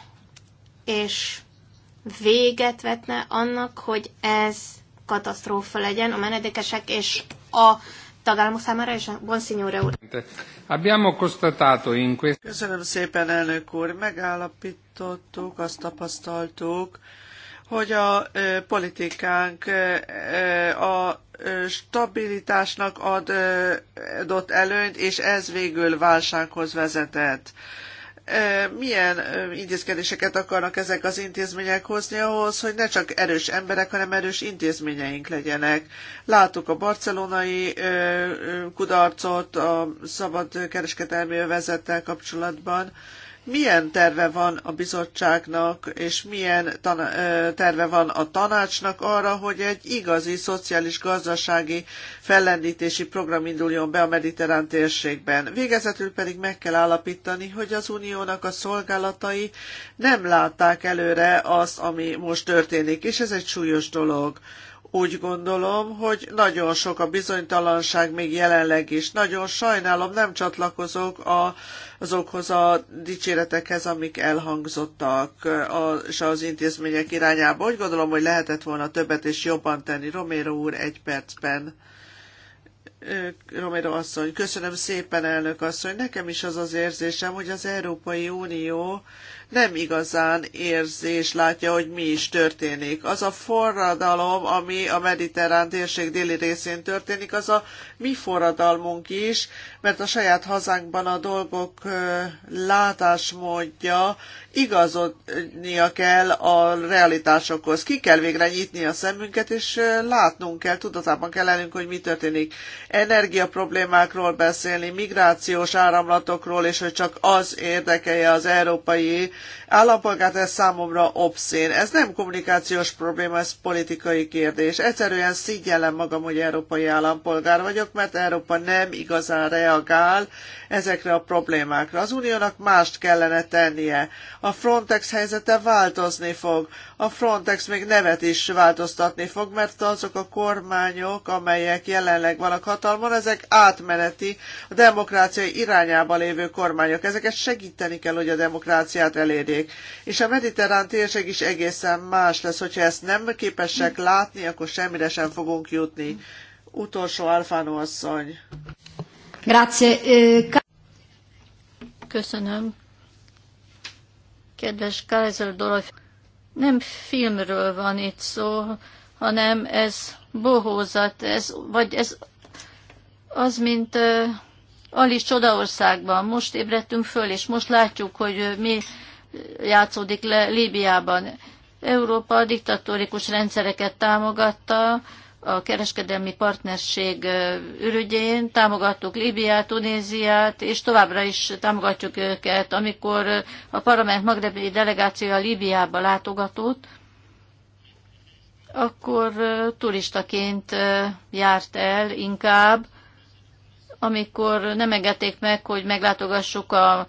és véget vetne annak, hogy ez katasztrófa legyen a menedékesek és a a Abbiamo constatato in questo... Köszönöm szépen, elnök úr. Megállapítottuk, azt tapasztaltuk, hogy a ö, politikánk ö, a stabilitásnak ad, adott előnyt, és ez végül válsághoz vezetett milyen intézkedéseket akarnak ezek az intézmények hozni ahhoz, hogy ne csak erős emberek, hanem erős intézményeink legyenek. Láttuk a barcelonai kudarcot a szabad kereskedelmi övezettel kapcsolatban, milyen terve van a bizottságnak, és milyen terve van a tanácsnak arra, hogy egy igazi szociális-gazdasági fellendítési program induljon be a mediterrán térségben. Végezetül pedig meg kell állapítani, hogy az uniónak a szolgálatai nem látták előre azt, ami most történik, és ez egy súlyos dolog úgy gondolom, hogy nagyon sok a bizonytalanság még jelenleg is. Nagyon sajnálom, nem csatlakozok a, azokhoz a dicséretekhez, amik elhangzottak a, és az intézmények irányába. Úgy gondolom, hogy lehetett volna többet és jobban tenni. Romero úr egy percben. Romero asszony, köszönöm szépen, elnök asszony. Nekem is az az érzésem, hogy az Európai Unió nem igazán érzés látja, hogy mi is történik. Az a forradalom, ami a mediterrán térség déli részén történik, az a mi forradalmunk is, mert a saját hazánkban a dolgok látásmódja igazodnia kell a realitásokhoz. Ki kell végre nyitni a szemünket, és látnunk kell, tudatában kell lennünk, hogy mi történik. Energia problémákról beszélni, migrációs áramlatokról, és hogy csak az érdekelje az európai állampolgárt, ez számomra obszén. Ez nem kommunikációs probléma, ez politikai kérdés. Egyszerűen szígyellem magam, hogy európai állampolgár vagyok, mert Európa nem igazán reagál ezekre a problémákra. Az uniónak mást kellene tennie. A Frontex helyzete változni fog a Frontex még nevet is változtatni fog, mert azok a kormányok, amelyek jelenleg vannak hatalmon, ezek átmeneti, a demokrácia irányába lévő kormányok. Ezeket segíteni kell, hogy a demokráciát elérjék. És a mediterrán térség is egészen más lesz, hogyha ezt nem képesek látni, akkor semmire sem fogunk jutni. Utolsó Alfánó asszony. Grazie. Köszönöm. Kedves Kaiser Dolph, nem filmről van itt szó, hanem ez bohózat, ez, vagy ez az, mint uh, Alice Csodaországban. Most ébredtünk föl, és most látjuk, hogy mi játszódik le Líbiában. Európa diktatórikus rendszereket támogatta, a kereskedelmi partnerség ürügyén, támogattuk Líbiát, Tunéziát, és továbbra is támogatjuk őket. Amikor a parlament magrebi delegációja Líbiába látogatott, akkor turistaként járt el inkább, amikor nem engedték meg, hogy meglátogassuk a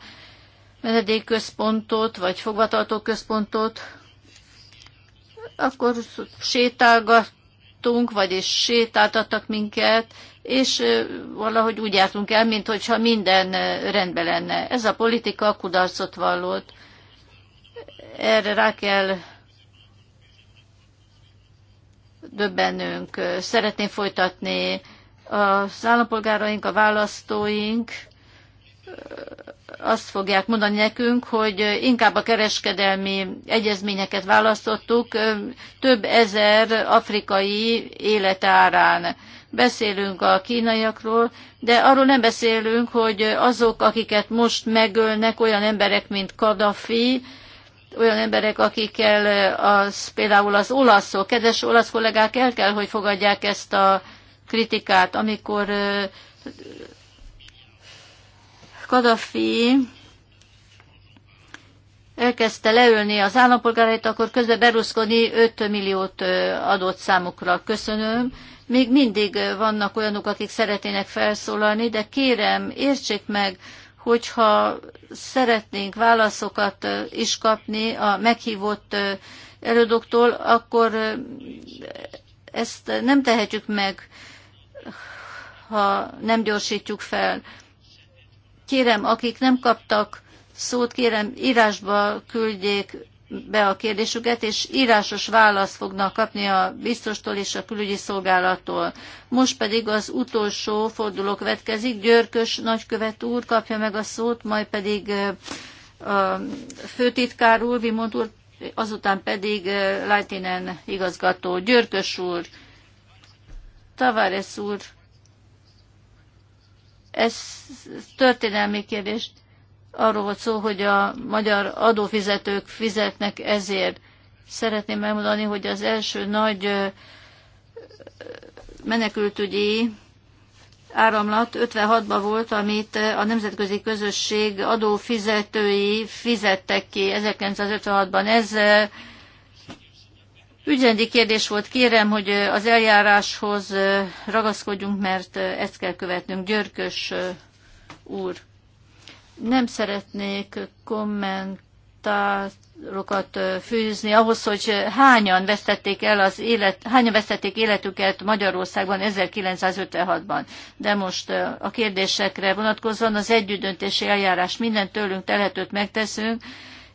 menedékközpontot, vagy fogvatartó központot, akkor sétálgat, aludtunk, vagyis sétáltattak minket, és valahogy úgy jártunk el, mintha minden rendben lenne. Ez a politika kudarcot vallott. Erre rá kell döbbenünk. Szeretném folytatni az állampolgáraink, a választóink, azt fogják mondani nekünk, hogy inkább a kereskedelmi egyezményeket választottuk több ezer afrikai életárán. Beszélünk a kínaiakról, de arról nem beszélünk, hogy azok, akiket most megölnek, olyan emberek, mint Kadafi, olyan emberek, akikkel az, például az olaszok, kedves olasz kollégák el kell, hogy fogadják ezt a kritikát, amikor Kadafi elkezdte leölni az állampolgárait, akkor közben Berlusconi 5 milliót adott számukra. Köszönöm. Még mindig vannak olyanok, akik szeretnének felszólalni, de kérem, értsék meg, hogyha szeretnénk válaszokat is kapni a meghívott előadóktól, akkor ezt nem tehetjük meg, ha nem gyorsítjuk fel Kérem, akik nem kaptak szót, kérem írásba küldjék be a kérdésüket, és írásos választ fognak kapni a biztostól és a külügyi szolgálattól. Most pedig az utolsó forduló következik. Györkös nagykövet úr kapja meg a szót, majd pedig a főtitkár úr, Vimont úr, azután pedig Leitinen igazgató. Györkös úr, Tavares úr ez történelmi kérdés. Arról volt szó, hogy a magyar adófizetők fizetnek ezért. Szeretném elmondani, hogy az első nagy menekültügyi áramlat 56-ban volt, amit a nemzetközi közösség adófizetői fizettek ki 1956-ban. Ez Ügyrendi kérdés volt, kérem, hogy az eljáráshoz ragaszkodjunk, mert ezt kell követnünk. Györkös úr, nem szeretnék kommentárokat fűzni ahhoz, hogy hányan vesztették el az élet, hányan vesztették életüket Magyarországban 1956-ban. De most a kérdésekre vonatkozóan az együttdöntési eljárás minden tőlünk telhetőt megteszünk,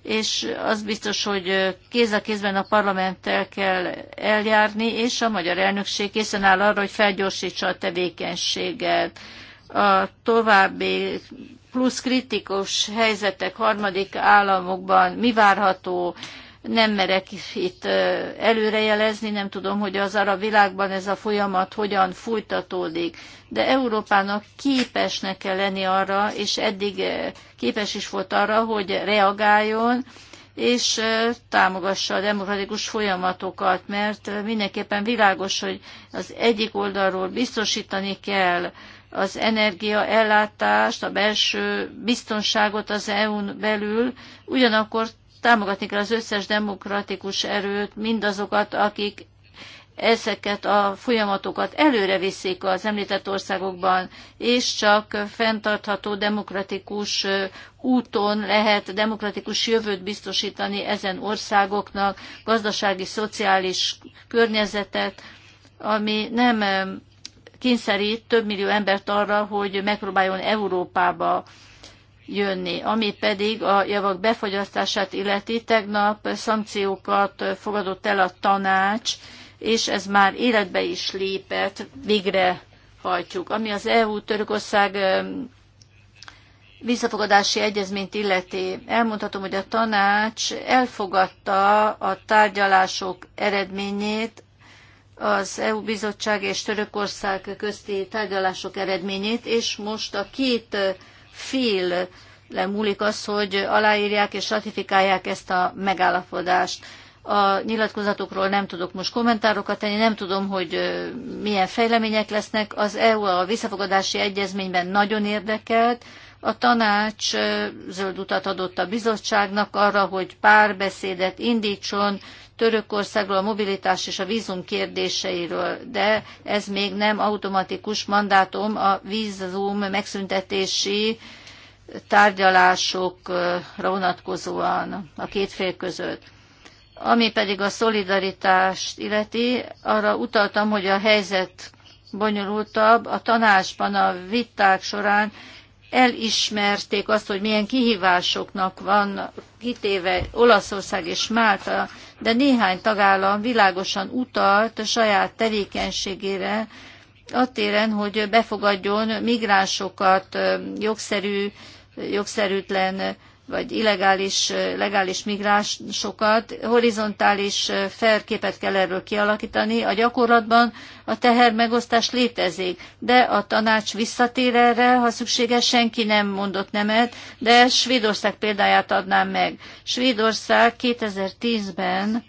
és az biztos, hogy kéz a kézben a parlamenttel kell eljárni, és a magyar elnökség készen áll arra, hogy felgyorsítsa a tevékenységet. A további plusz kritikus helyzetek harmadik államokban mi várható, nem merek itt előrejelezni, nem tudom, hogy az arab világban ez a folyamat hogyan folytatódik, de Európának képesnek kell lenni arra, és eddig képes is volt arra, hogy reagáljon, és támogassa a demokratikus folyamatokat, mert mindenképpen világos, hogy az egyik oldalról biztosítani kell az energiaellátást, a belső biztonságot az EU-n belül, ugyanakkor támogatni kell az összes demokratikus erőt, mindazokat, akik ezeket a folyamatokat előre viszik az említett országokban, és csak fenntartható demokratikus úton lehet demokratikus jövőt biztosítani ezen országoknak, gazdasági, szociális környezetet, ami nem kényszerít több millió embert arra, hogy megpróbáljon Európába jönni. Ami pedig a javak befogyasztását illeti, tegnap szankciókat fogadott el a tanács, és ez már életbe is lépett, végre hajtjuk. Ami az EU-Törökország visszafogadási egyezményt illeti, elmondhatom, hogy a tanács elfogadta a tárgyalások eredményét, az EU bizottság és Törökország közti tárgyalások eredményét, és most a két fél lemúlik az, hogy aláírják és ratifikálják ezt a megállapodást. A nyilatkozatokról nem tudok most kommentárokat tenni, nem tudom, hogy milyen fejlemények lesznek. Az EU a visszafogadási egyezményben nagyon érdekelt, a tanács zöld utat adott a bizottságnak arra, hogy párbeszédet indítson Törökországról, a mobilitás és a vízum kérdéseiről, de ez még nem automatikus mandátum a vízum megszüntetési tárgyalásokra vonatkozóan a két fél között. Ami pedig a szolidaritást illeti, arra utaltam, hogy a helyzet bonyolultabb. A tanácsban a viták során elismerték azt, hogy milyen kihívásoknak van kitéve Olaszország és Málta, de néhány tagállam világosan utalt saját tevékenységére, téren, hogy befogadjon migránsokat, jogszerű, jogszerűtlen vagy illegális, legális migránsokat, horizontális felképet kell erről kialakítani. A gyakorlatban a teher megosztás létezik, de a tanács visszatér erre, ha szükséges, senki nem mondott nemet, de Svédország példáját adnám meg. Svédország 2010-ben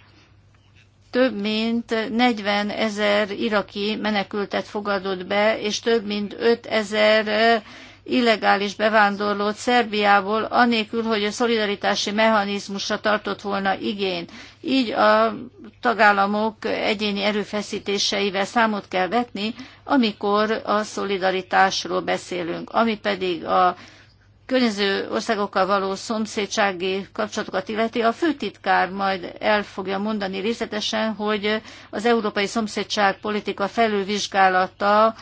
több mint 40 ezer iraki menekültet fogadott be, és több mint 5 ezer illegális bevándorlót Szerbiából, anélkül, hogy a szolidaritási mechanizmusra tartott volna igény. Így a tagállamok egyéni erőfeszítéseivel számot kell vetni, amikor a szolidaritásról beszélünk, ami pedig a környező országokkal való szomszédsági kapcsolatokat illeti, a főtitkár majd el fogja mondani részletesen, hogy az európai szomszédság politika felülvizsgálata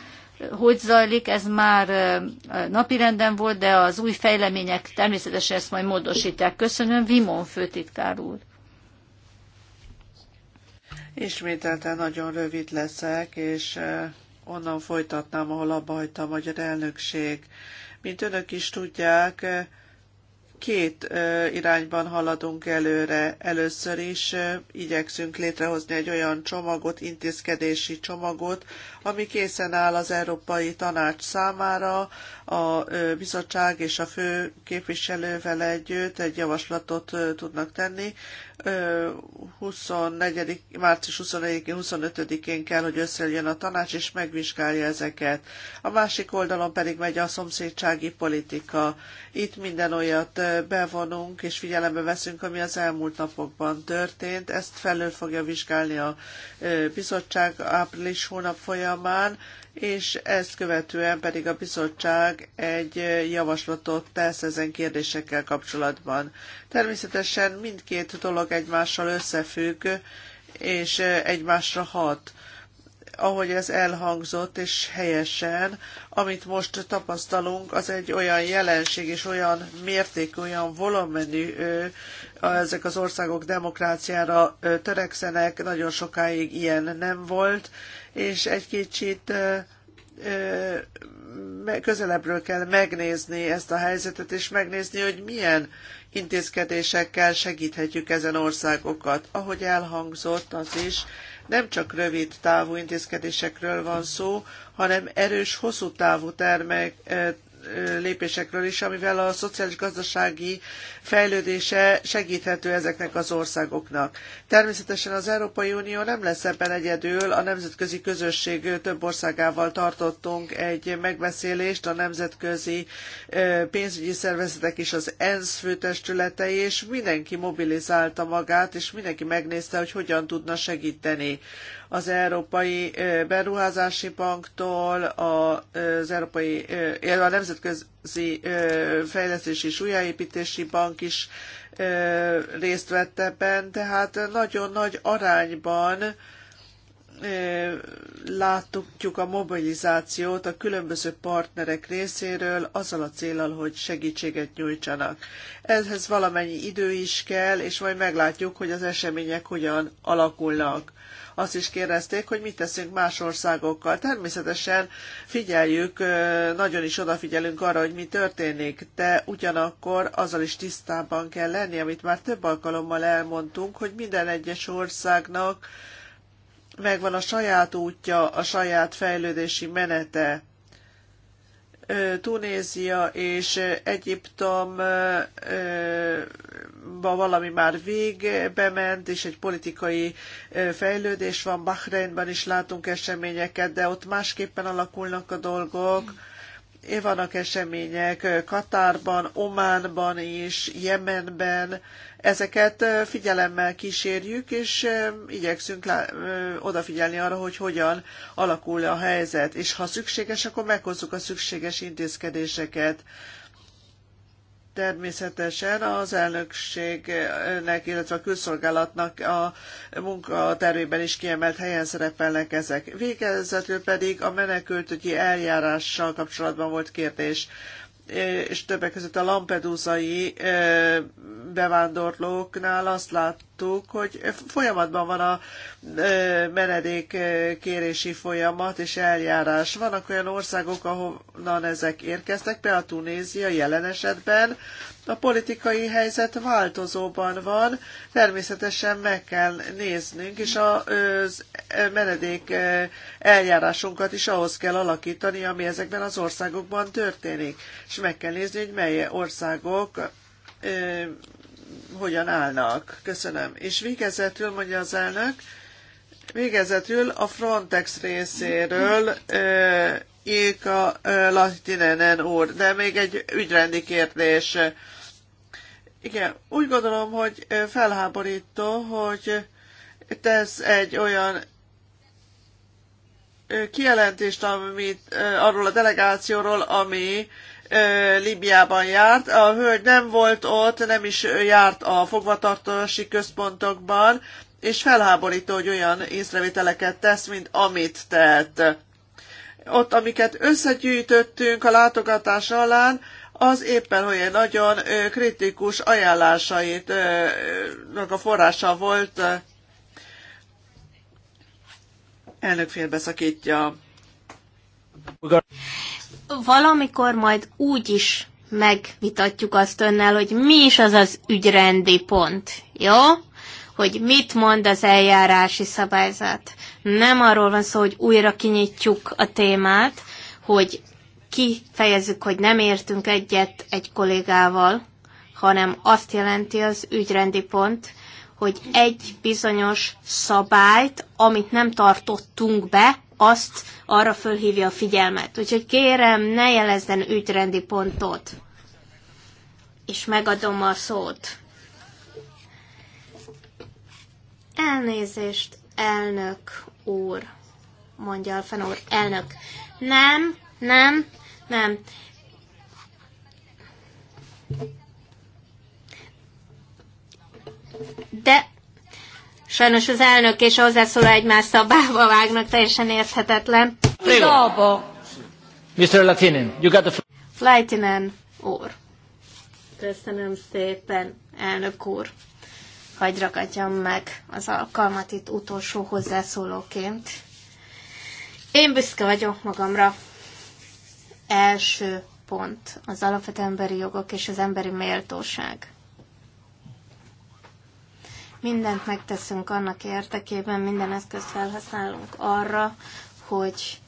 hogy zajlik, ez már napirenden volt, de az új fejlemények természetesen ezt majd módosítják. Köszönöm, Vimon főtitkár úr. Ismételten nagyon rövid leszek, és onnan folytatnám, ahol abba hagyta a magyar elnökség. Mint önök is tudják, két irányban haladunk előre. Először is igyekszünk létrehozni egy olyan csomagot, intézkedési csomagot, ami készen áll az Európai Tanács számára. A bizottság és a fő képviselővel együtt egy javaslatot tudnak tenni. 24. március 24-én, 25-én kell, hogy összejön a tanács, és megvizsgálja ezeket. A másik oldalon pedig megy a szomszédsági politika. Itt minden olyat bevonunk és figyelembe veszünk, ami az elmúlt napokban történt. Ezt felül fogja vizsgálni a bizottság április hónap folyamán, folyamán, és ezt követően pedig a bizottság egy javaslatot tesz ezen kérdésekkel kapcsolatban. Természetesen mindkét dolog egymással összefügg, és egymásra hat ahogy ez elhangzott, és helyesen, amit most tapasztalunk, az egy olyan jelenség és olyan mérték, olyan volumenű, ezek az országok demokráciára törekszenek, nagyon sokáig ilyen nem volt, és egy kicsit közelebbről kell megnézni ezt a helyzetet, és megnézni, hogy milyen intézkedésekkel segíthetjük ezen országokat. Ahogy elhangzott az is, nem csak rövid távú intézkedésekről van szó, hanem erős, hosszú távú termek, lépésekről is, amivel a szociális gazdasági fejlődése segíthető ezeknek az országoknak. Természetesen az Európai Unió nem lesz ebben egyedül, a nemzetközi közösség több országával tartottunk egy megbeszélést, a nemzetközi pénzügyi szervezetek is az ENSZ főtestülete, és mindenki mobilizálta magát, és mindenki megnézte, hogy hogyan tudna segíteni az Európai Beruházási Banktól, az Európai, illetve a Nemzetközi Fejlesztési és Újjáépítési Bank is részt vett ebben, tehát nagyon nagy arányban láttuk a mobilizációt a különböző partnerek részéről azzal a célral, hogy segítséget nyújtsanak. Ehhez valamennyi idő is kell, és majd meglátjuk, hogy az események hogyan alakulnak azt is kérdezték, hogy mit teszünk más országokkal. Természetesen figyeljük, nagyon is odafigyelünk arra, hogy mi történik, de ugyanakkor azzal is tisztában kell lenni, amit már több alkalommal elmondtunk, hogy minden egyes országnak megvan a saját útja, a saját fejlődési menete. Tunézia és Egyiptom valami már végbe ment, és egy politikai fejlődés van. Bahreinben is látunk eseményeket, de ott másképpen alakulnak a dolgok. Vannak események Katárban, Ománban is, Jemenben. Ezeket figyelemmel kísérjük, és igyekszünk odafigyelni arra, hogy hogyan alakul a helyzet. És ha szükséges, akkor meghozzuk a szükséges intézkedéseket Természetesen az elnökségnek, illetve a külszolgálatnak a munkatervében is kiemelt helyen szerepelnek ezek. Végezetül pedig a menekültügyi eljárással kapcsolatban volt kérdés és többek között a lampedúzai bevándorlóknál azt láttuk, hogy folyamatban van a menedék kérési folyamat és eljárás. Vannak olyan országok, ahonnan ezek érkeztek, például a Tunézia jelen esetben, a politikai helyzet változóban van, természetesen meg kell néznünk, és az menedék eljárásunkat is ahhoz kell alakítani, ami ezekben az országokban történik, és meg kell nézni, hogy mely országok hogyan állnak. Köszönöm. És végezetül mondja az elnök, végezetül a Frontex részéről Ilka Latinenen úr, de még egy ügyrendi kérdés. Igen, úgy gondolom, hogy felháborító, hogy tesz egy olyan kijelentést amit, arról a delegációról, ami Libiában járt. A hölgy nem volt ott, nem is járt a fogvatartási központokban, és felháborító, hogy olyan észrevételeket tesz, mint amit tett. Ott, amiket összegyűjtöttünk a látogatás alán, az éppen olyan nagyon kritikus ajánlásait a forrása volt. Elnök félbeszakítja. Valamikor majd úgy is megvitatjuk azt önnel, hogy mi is az az ügyrendi pont, jó? Hogy mit mond az eljárási szabályzat. Nem arról van szó, hogy újra kinyitjuk a témát, hogy kifejezzük, hogy nem értünk egyet egy kollégával, hanem azt jelenti az ügyrendi pont, hogy egy bizonyos szabályt, amit nem tartottunk be, azt arra fölhívja a figyelmet. Úgyhogy kérem, ne jelezzen ügyrendi pontot. És megadom a szót. Elnézést, elnök úr, mondja Alfen úr, elnök. Nem, nem, nem. De sajnos az elnök és a hozzászóló egymás szabába vágnak, teljesen érthetetlen. Szabba. Mr. Latinen, you got the Latinen, úr. Köszönöm szépen, elnök úr. Hagy ragadjam meg az alkalmat itt utolsó hozzászólóként. Én büszke vagyok magamra első pont az alapvető emberi jogok és az emberi méltóság. Mindent megteszünk annak érdekében, minden eszközt felhasználunk arra, hogy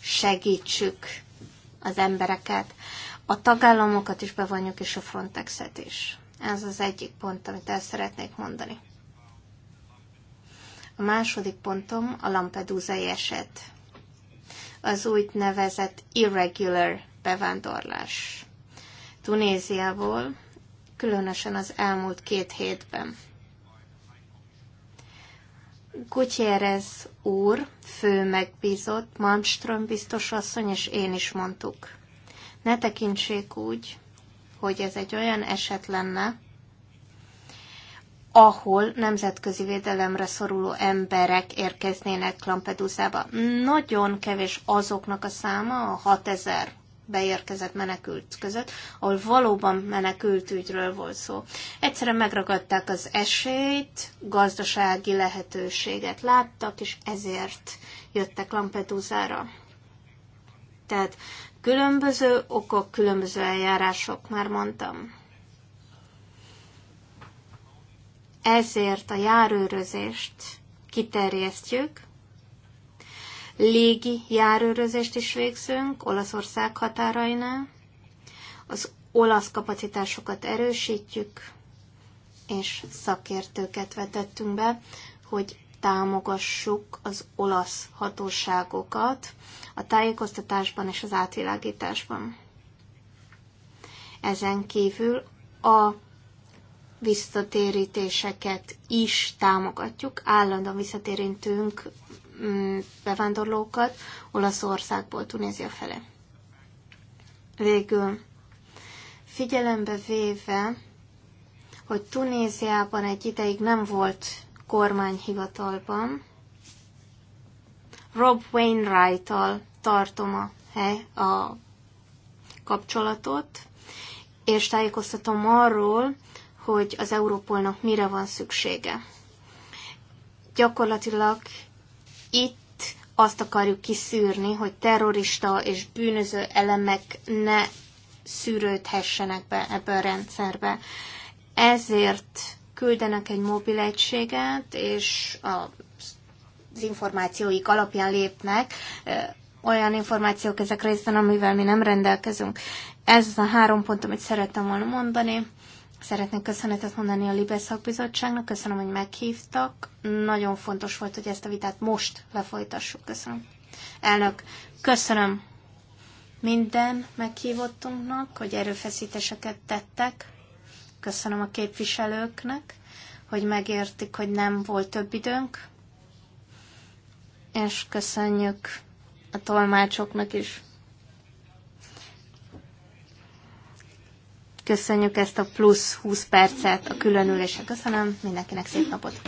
segítsük az embereket. A tagállamokat is bevonjuk, és a Frontexet is. Ez az egyik pont, amit el szeretnék mondani. A második pontom a Lampedusai eset az úgynevezett irregular bevándorlás Tunéziából, különösen az elmúlt két hétben. Gutierrez úr, fő megbízott, Malmström biztos asszony és én is mondtuk. Ne tekintsék úgy, hogy ez egy olyan eset lenne, ahol nemzetközi védelemre szoruló emberek érkeznének Lampedusába. Nagyon kevés azoknak a száma, a 6000 beérkezett menekült között, ahol valóban menekült ügyről volt szó. Egyszerűen megragadták az esélyt, gazdasági lehetőséget láttak, és ezért jöttek Lampedusára. Tehát különböző okok, különböző eljárások, már mondtam. ezért a járőrözést kiterjesztjük, légi járőrözést is végzünk Olaszország határainál, az olasz kapacitásokat erősítjük, és szakértőket vetettünk be, hogy támogassuk az olasz hatóságokat a tájékoztatásban és az átvilágításban. Ezen kívül a visszatérítéseket is támogatjuk. Állandóan visszatérintünk mm, bevándorlókat Olaszországból, Tunézia fele. Végül figyelembe véve, hogy Tunéziában egy ideig nem volt kormányhivatalban, Rob Wainwright-tal tartom a, a kapcsolatot, és tájékoztatom arról, hogy az Európolnak mire van szüksége. Gyakorlatilag itt azt akarjuk kiszűrni, hogy terrorista és bűnöző elemek ne szűrődhessenek be ebbe a rendszerbe. Ezért küldenek egy mobil egységet, és az információik alapján lépnek, olyan információk ezek részben, amivel mi nem rendelkezünk. Ez az a három pont, amit szerettem volna mondani. Szeretnék köszönetet mondani a Libes szakbizottságnak, köszönöm, hogy meghívtak. Nagyon fontos volt, hogy ezt a vitát most lefolytassuk. Köszönöm. Elnök, köszönöm minden meghívottunknak, hogy erőfeszítéseket tettek. Köszönöm a képviselőknek, hogy megértik, hogy nem volt több időnk. És köszönjük a tolmácsoknak is. Köszönjük ezt a plusz 20 percet a különülésre. Köszönöm mindenkinek szép napot!